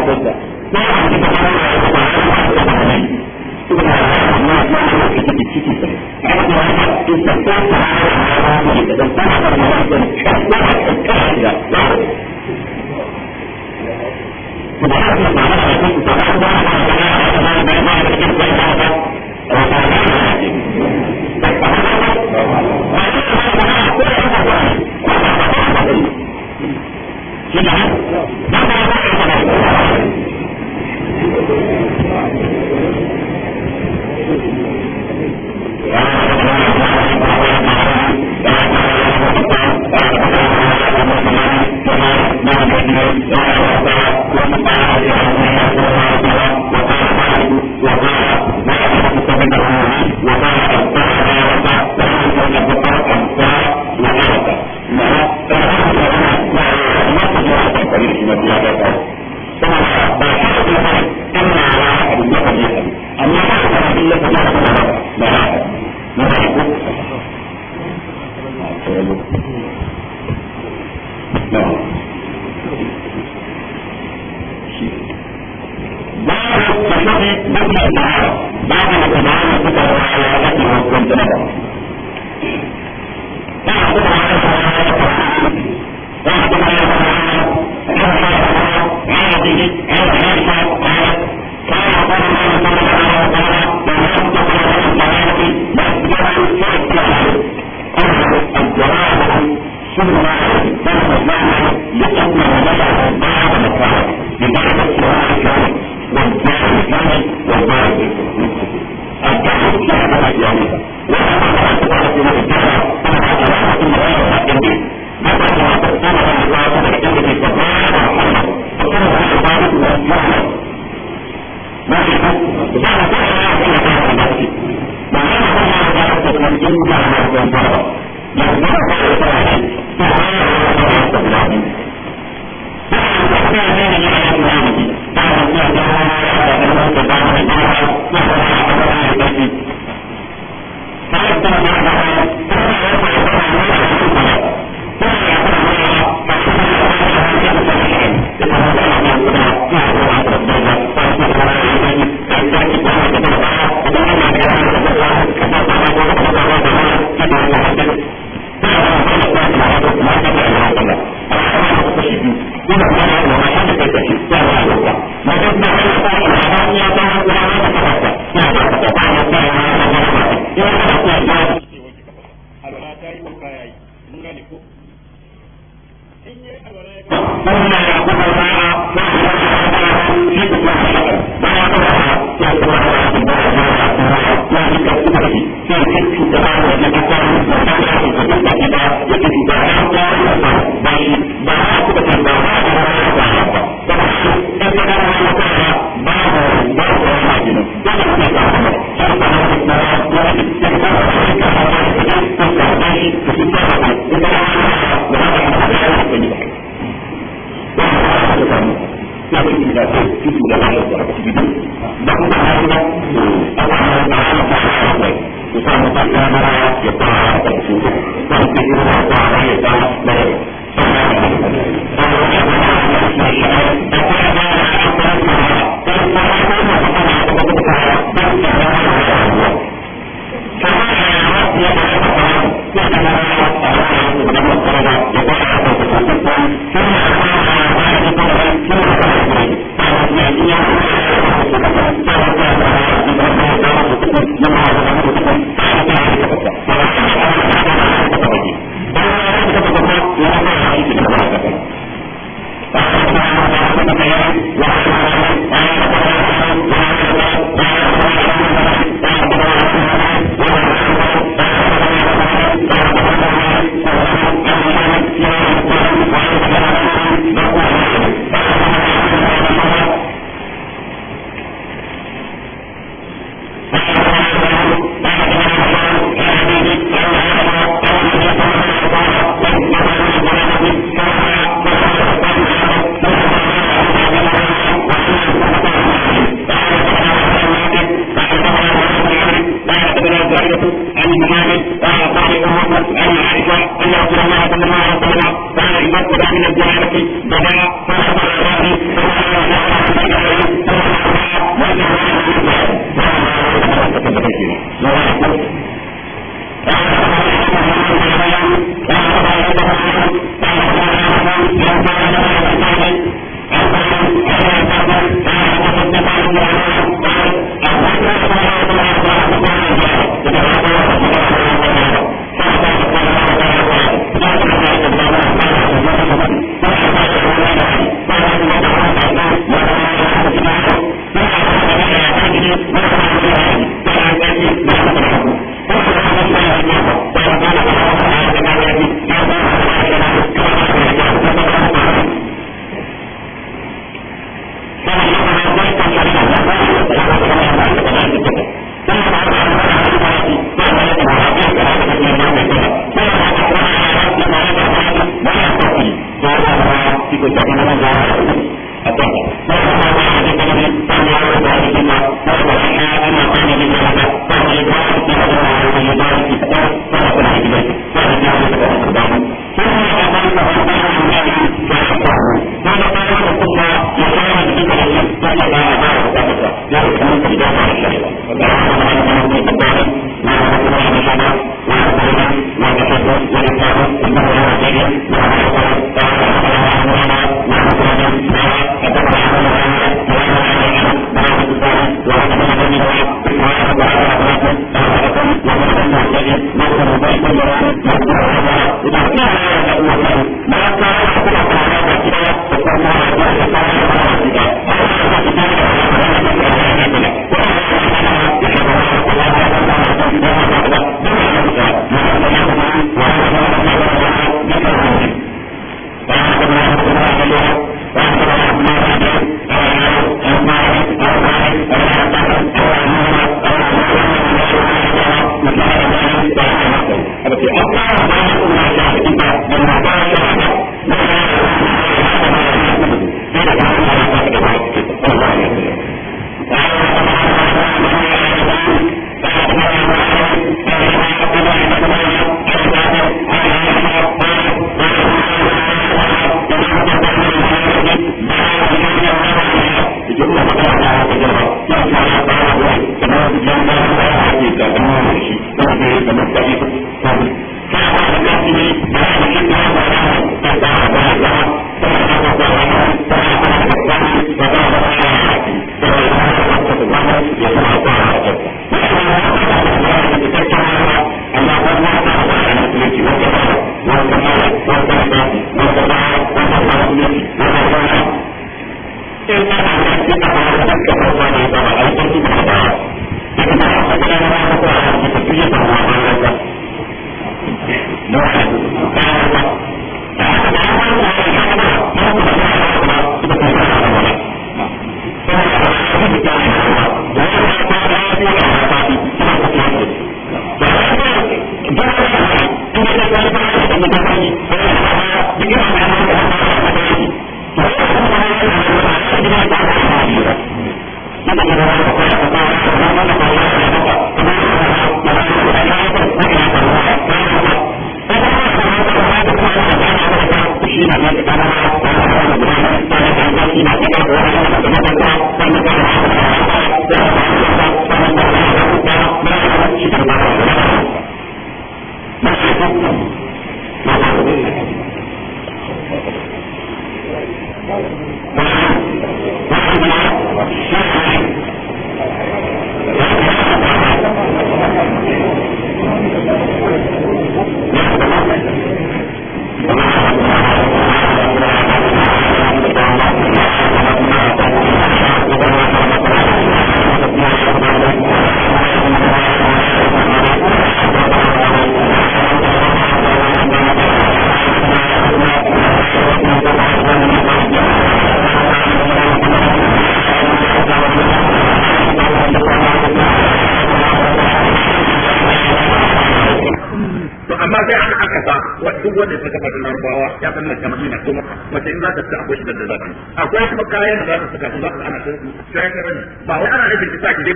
ki sa ki je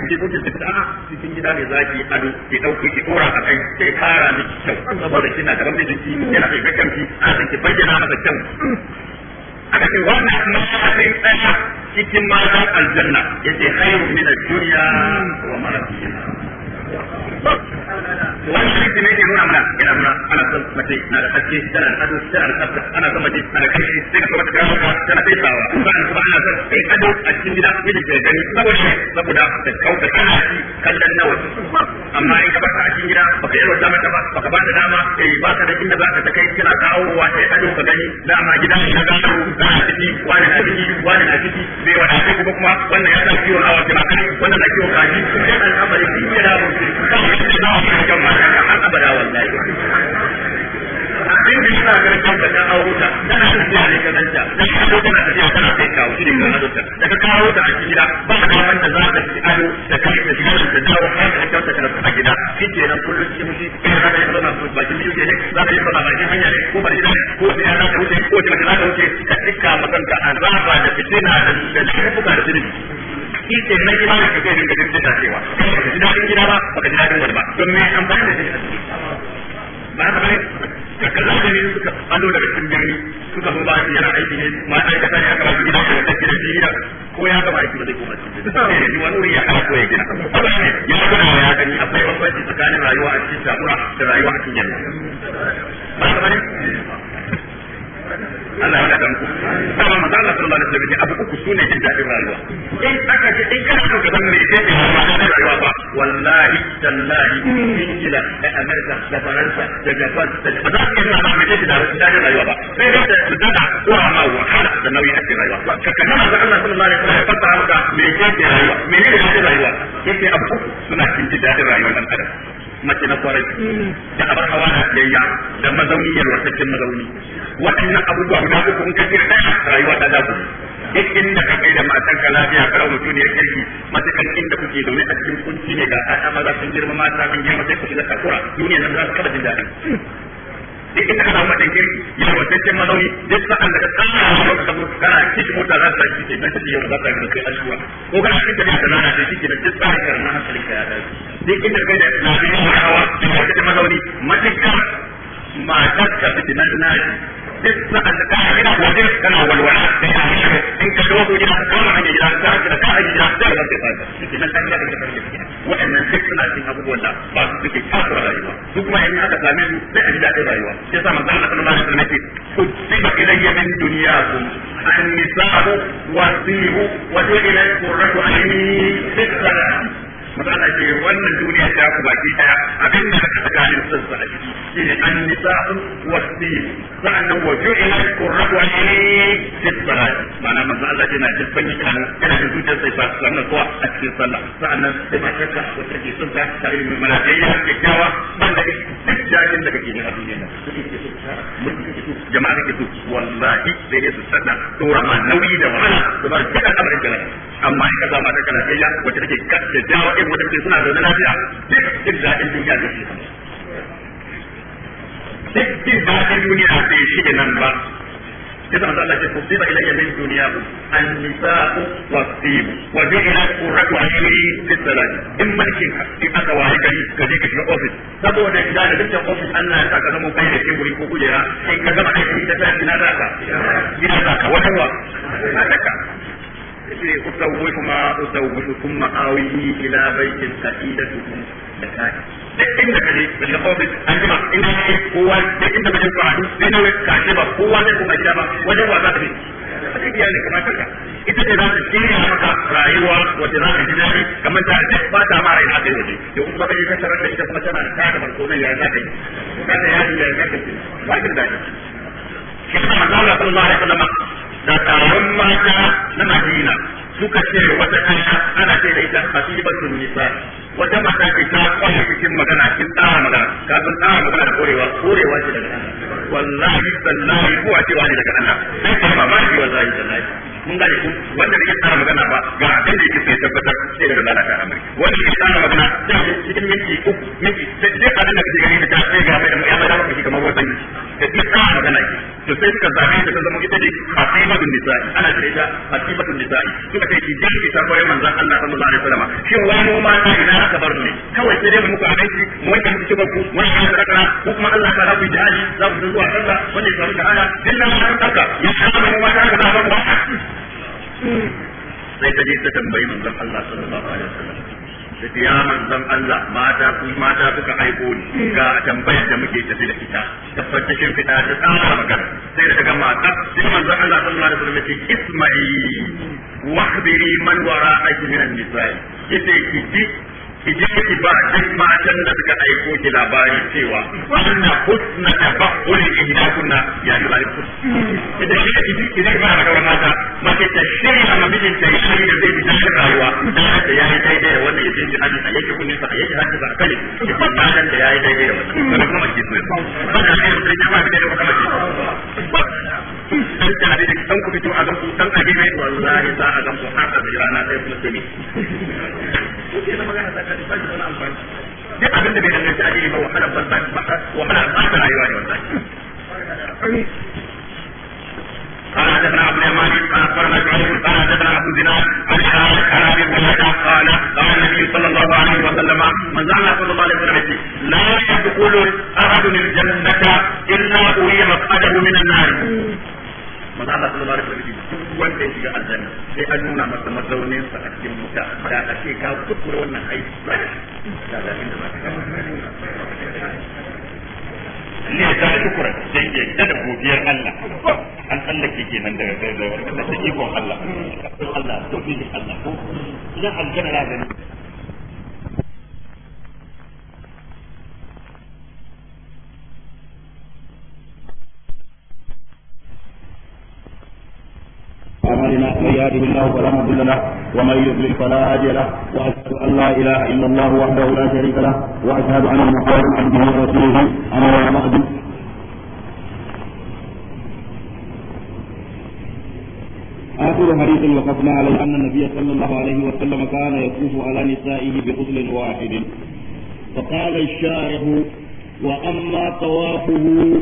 ki ta cikin gida ne zaki ado ki dauki ki dora a kai sai fara kyau kina da rabbi jiki mm. yana da gakanki a san ki bayyana masa kyau mm. aka ce wannan tsaya cikin aljanna yace khairu min ad-dunya wa wani hadisi ne ke nuna mana yana nuna ana son mace na da haske tana da ado tana da tsafta ana son mace na da kai sai ka kuma ta gama tana kai sawa ba an kuma ana son kai ado a cikin gida yadda ke gani saboda saboda da kauka kana shi kallon nawa amma in ka ba ta a cikin gida ba ka yi yarwata mata ba ba ka ba ta dama eh ba ka da inda za ka ta kai kawo wa sai eh, ado ka gani dama gida ne ka gano za a ciki wani na ciki wani na ciki bai wani sai kuma kuma wannan ya sa kiwon awa ke ba wannan na kiwon kaji sai al'amari din yana mutu kawai da za a kan da ka har abada wallahi abin da yana garkan ka ka auro ta dan shi ne ne ka danta dan shi ne kana tafiya kana kai kawo shi da ka da ta daga kawo ta a gida ba ka daman da za ka ci ado da kai da shi da dawo har ka kyauta kana a gida kike nan kullum shi mushi kai ka da kana so bakin biyu ne za ka yi fada bakin hanya ne ko bari da ko da yana ka wuce ko da ka wuce ka tikka makanka azaba da fitina da da fuka da sirri shi ke nan kuma da kake jin gadin da cewa baka ji dadin gida ba baka ji dadin wani ba don me amfani da shi ba haka bane ka kalla da ne suka fado daga cikin birni suka zo ba shi yana aiki ne ma aikata ne aka ba su gida da take da gida ko ya gaba aiki ba zai koma cikin da wani wuri ya kawo ya gina ne ya ya gani akwai tsakanin rayuwa a cikin da rayuwa a cikin ba Allah ya kan ku amma manzo Allah sallallahu alaihi wasallam abu uku sune jin rayuwa in aka ce in kana so ka san me ce ne ba rayuwa ba wallahi tallahi in kila da America da Faransa da Japan da ba za ka ma me ce da dadin rayuwa ba sai da da dada ko amma wa kana da nauyi ake rayuwa ka kana manzo Allah sallallahu alaihi wasallam fata maka me ce rayuwa me ne rayuwa yake abu suna cikin dadin rayuwa dan adam mace na kwarai da abar hawa na biyayya da mazauniyar wataccen mazauni waɗannan abubuwa guda uku in ka jira ɗaya rayuwa ta zaku duk inda ka kai da matan ka lafiya kar mutum ne mace kan inda kuke zaune a cikin kunci ne ga ƴaƴa maza sun girma mata sun girma sai ku shiga takura duniya nan za su kaba jin daɗi duk inda ka samu ɗan mazauni duk sa'an ka a wata kabo kana kishi mota za ta kishi na ciki yau za ta gina ashuwa ko kana nana da shi da duk ka duk inda kai da na biyu hawa mazauni matuƙar matar ka na duk sa'an da kana gida wajen kana walwala da ya hanyar in ka ka kama hanyar gida da ya zai fata shi cikin da aka same a rayuwa shi yasa manzo Allah sallallahu alaihi wasallam yake kutiba ilayya magana ce wannan duniya ta ku baki daya abin da aka tsakanin sun sa ciki shi ne an sa'annan wa ju'ila qurratu ayni fi salat ma'ana manzo Allah yana da sanyi kan yana da zuciyar sai fa sannan kuwa a cikin sa'annan sai sun ta tare da banda mulki kake so jama'a kake so wallahi sai dai su sanna dora ma nauyi da wahala da ba ka amma in ka zama da kana kayya wacce take da jawo in suna da lafiya duk duk da in duniya da shi duk duk da in duniya shi nan ba كذا ما الله كتب إلي من دنياكم النساء والطيب وجعل قرة عيني في الصلاة إن ملكك في أكواهي كريم كذلك في الأوفيس سبو ده إذا لبت الأوفيس أن لا تكلم كيف يجب لكم كجرا إن كذا ما يجب تساعد إلى ذاك إلى ذاك وهو ذاك أسوفكما أسوفكم آوي إلى بيت سعيدتكم da kaya duk inda kaje da ofis an jima in ka ce kowa duk inda kaje ka hadu sai nan ka ce ba kowa ne kuma ba wajen wa za ka ne ita ce za ta shirya maka rayuwa wacce za ka ji daɗi kamar ta ce ba ta ma rayuwa kai waje to kuma kai ka tarar da ita kuma tana da kaya da barkonan ya za ka yi ka ta yadda ya za ka ba ki da shi kuma manzo sallallahu alaihi wasallam dattawan mata na Madina suka ce wata kaya ana ce da ita khatibatul nisa wata mata ce ta kwaya cikin magana cikin tsara magana kafin tsara magana da korewa korewa ce daga Allah wallahi sallahi ko a cewa ne daga Allah sai ta mamaki wallahi sallahi Mun gane ku wanda yake tsara magana ba ga abin da yake sai tabbatar sai daga lalata al'amari wanda yake tsara magana sai cikin minti uku minti sai abin da kake gani da ta ga mai ya mai da kake kamar wannan da duk tsara magana ke to sai suka zabe da ta zama ita ne nisa'i ana ta asibatun nisa'i suka ce ki jinki ta koyar manzon Allah sallallahu alaihi wasallam shi wani ma ta ina aka bar ne kawai sai dai muku abinci mu wanke muku ku mu wanke muku ko kuma Allah ta rabu jihadi za ku zuwa sallah wanda ya samu da ana dinnan haka ya samu ma ta aka ba sai ta je ta tambayi manzon Allah sallallahu alaihi wasallam da ta ya manzon Allah mata ku mata suka haiko ni ga tambayar da muke tafi da ita tabbata shin fita ta tsara magana sai da ta gama mata sai manzon Allah sallallahu alaihi wasallam ya ce isma'i wa akhbiri man wara'aki min an-nisa'i yace ki ki ba duk matan da suka aiko ki labari cewa da ba kulli inna kunna ya yi bari ku da shi da kidi ba ga wannan ta mace ta shiri ma mijin ta shi da zai ta rayuwa da haka yayi daidai wannan yake ji an ayi ki kunni sa ki hakka sa kai ki nan da ya yi daidai da wannan kuma ki so ba da shi da jama'a da kuma ki dan ta da kan ku fito a gamsu dan abin wallahi za a gamsu haka da rana sai kuma sai kuɗi na magana ta kaji bashi wani amfani duk abin da bai danganci addini ba wahala ba wahala ba ta rayuwa ne wannan قال حدثنا عبد اليمان قال اخبرنا شعيب قال حدثنا ابو زناد عن حارث عن ابي هريره قال قال النبي صلى الله عليه وسلم من زعل صلى الله عليه وسلم لا يدخل احد الجنه الا اري مقعده من النار manzo Allah sallallahu alaihi wasallam duk wanda ya shiga aljanna sai an nuna masa mazaunin sa a cikin wuta da a ce ka kuskure wannan aiki da da inda za ka ne ta shukura sai ya ta da Allah an tsallake kenan daga da da ikon Allah Allah to Allah idan aljanna na gani أمرنا من يهده الله فلا مضل له ومن يضلل فلا هادي له وأشهد أن لا إله إلا الله وحده لا شريك له وأشهد أن محمدا عبده ورسوله أما بعد آخر حديث وقفنا عليه أن النبي صلى الله عليه وسلم كان يطوف على نسائه بغسل واحد فقال الشارح وأما طوافه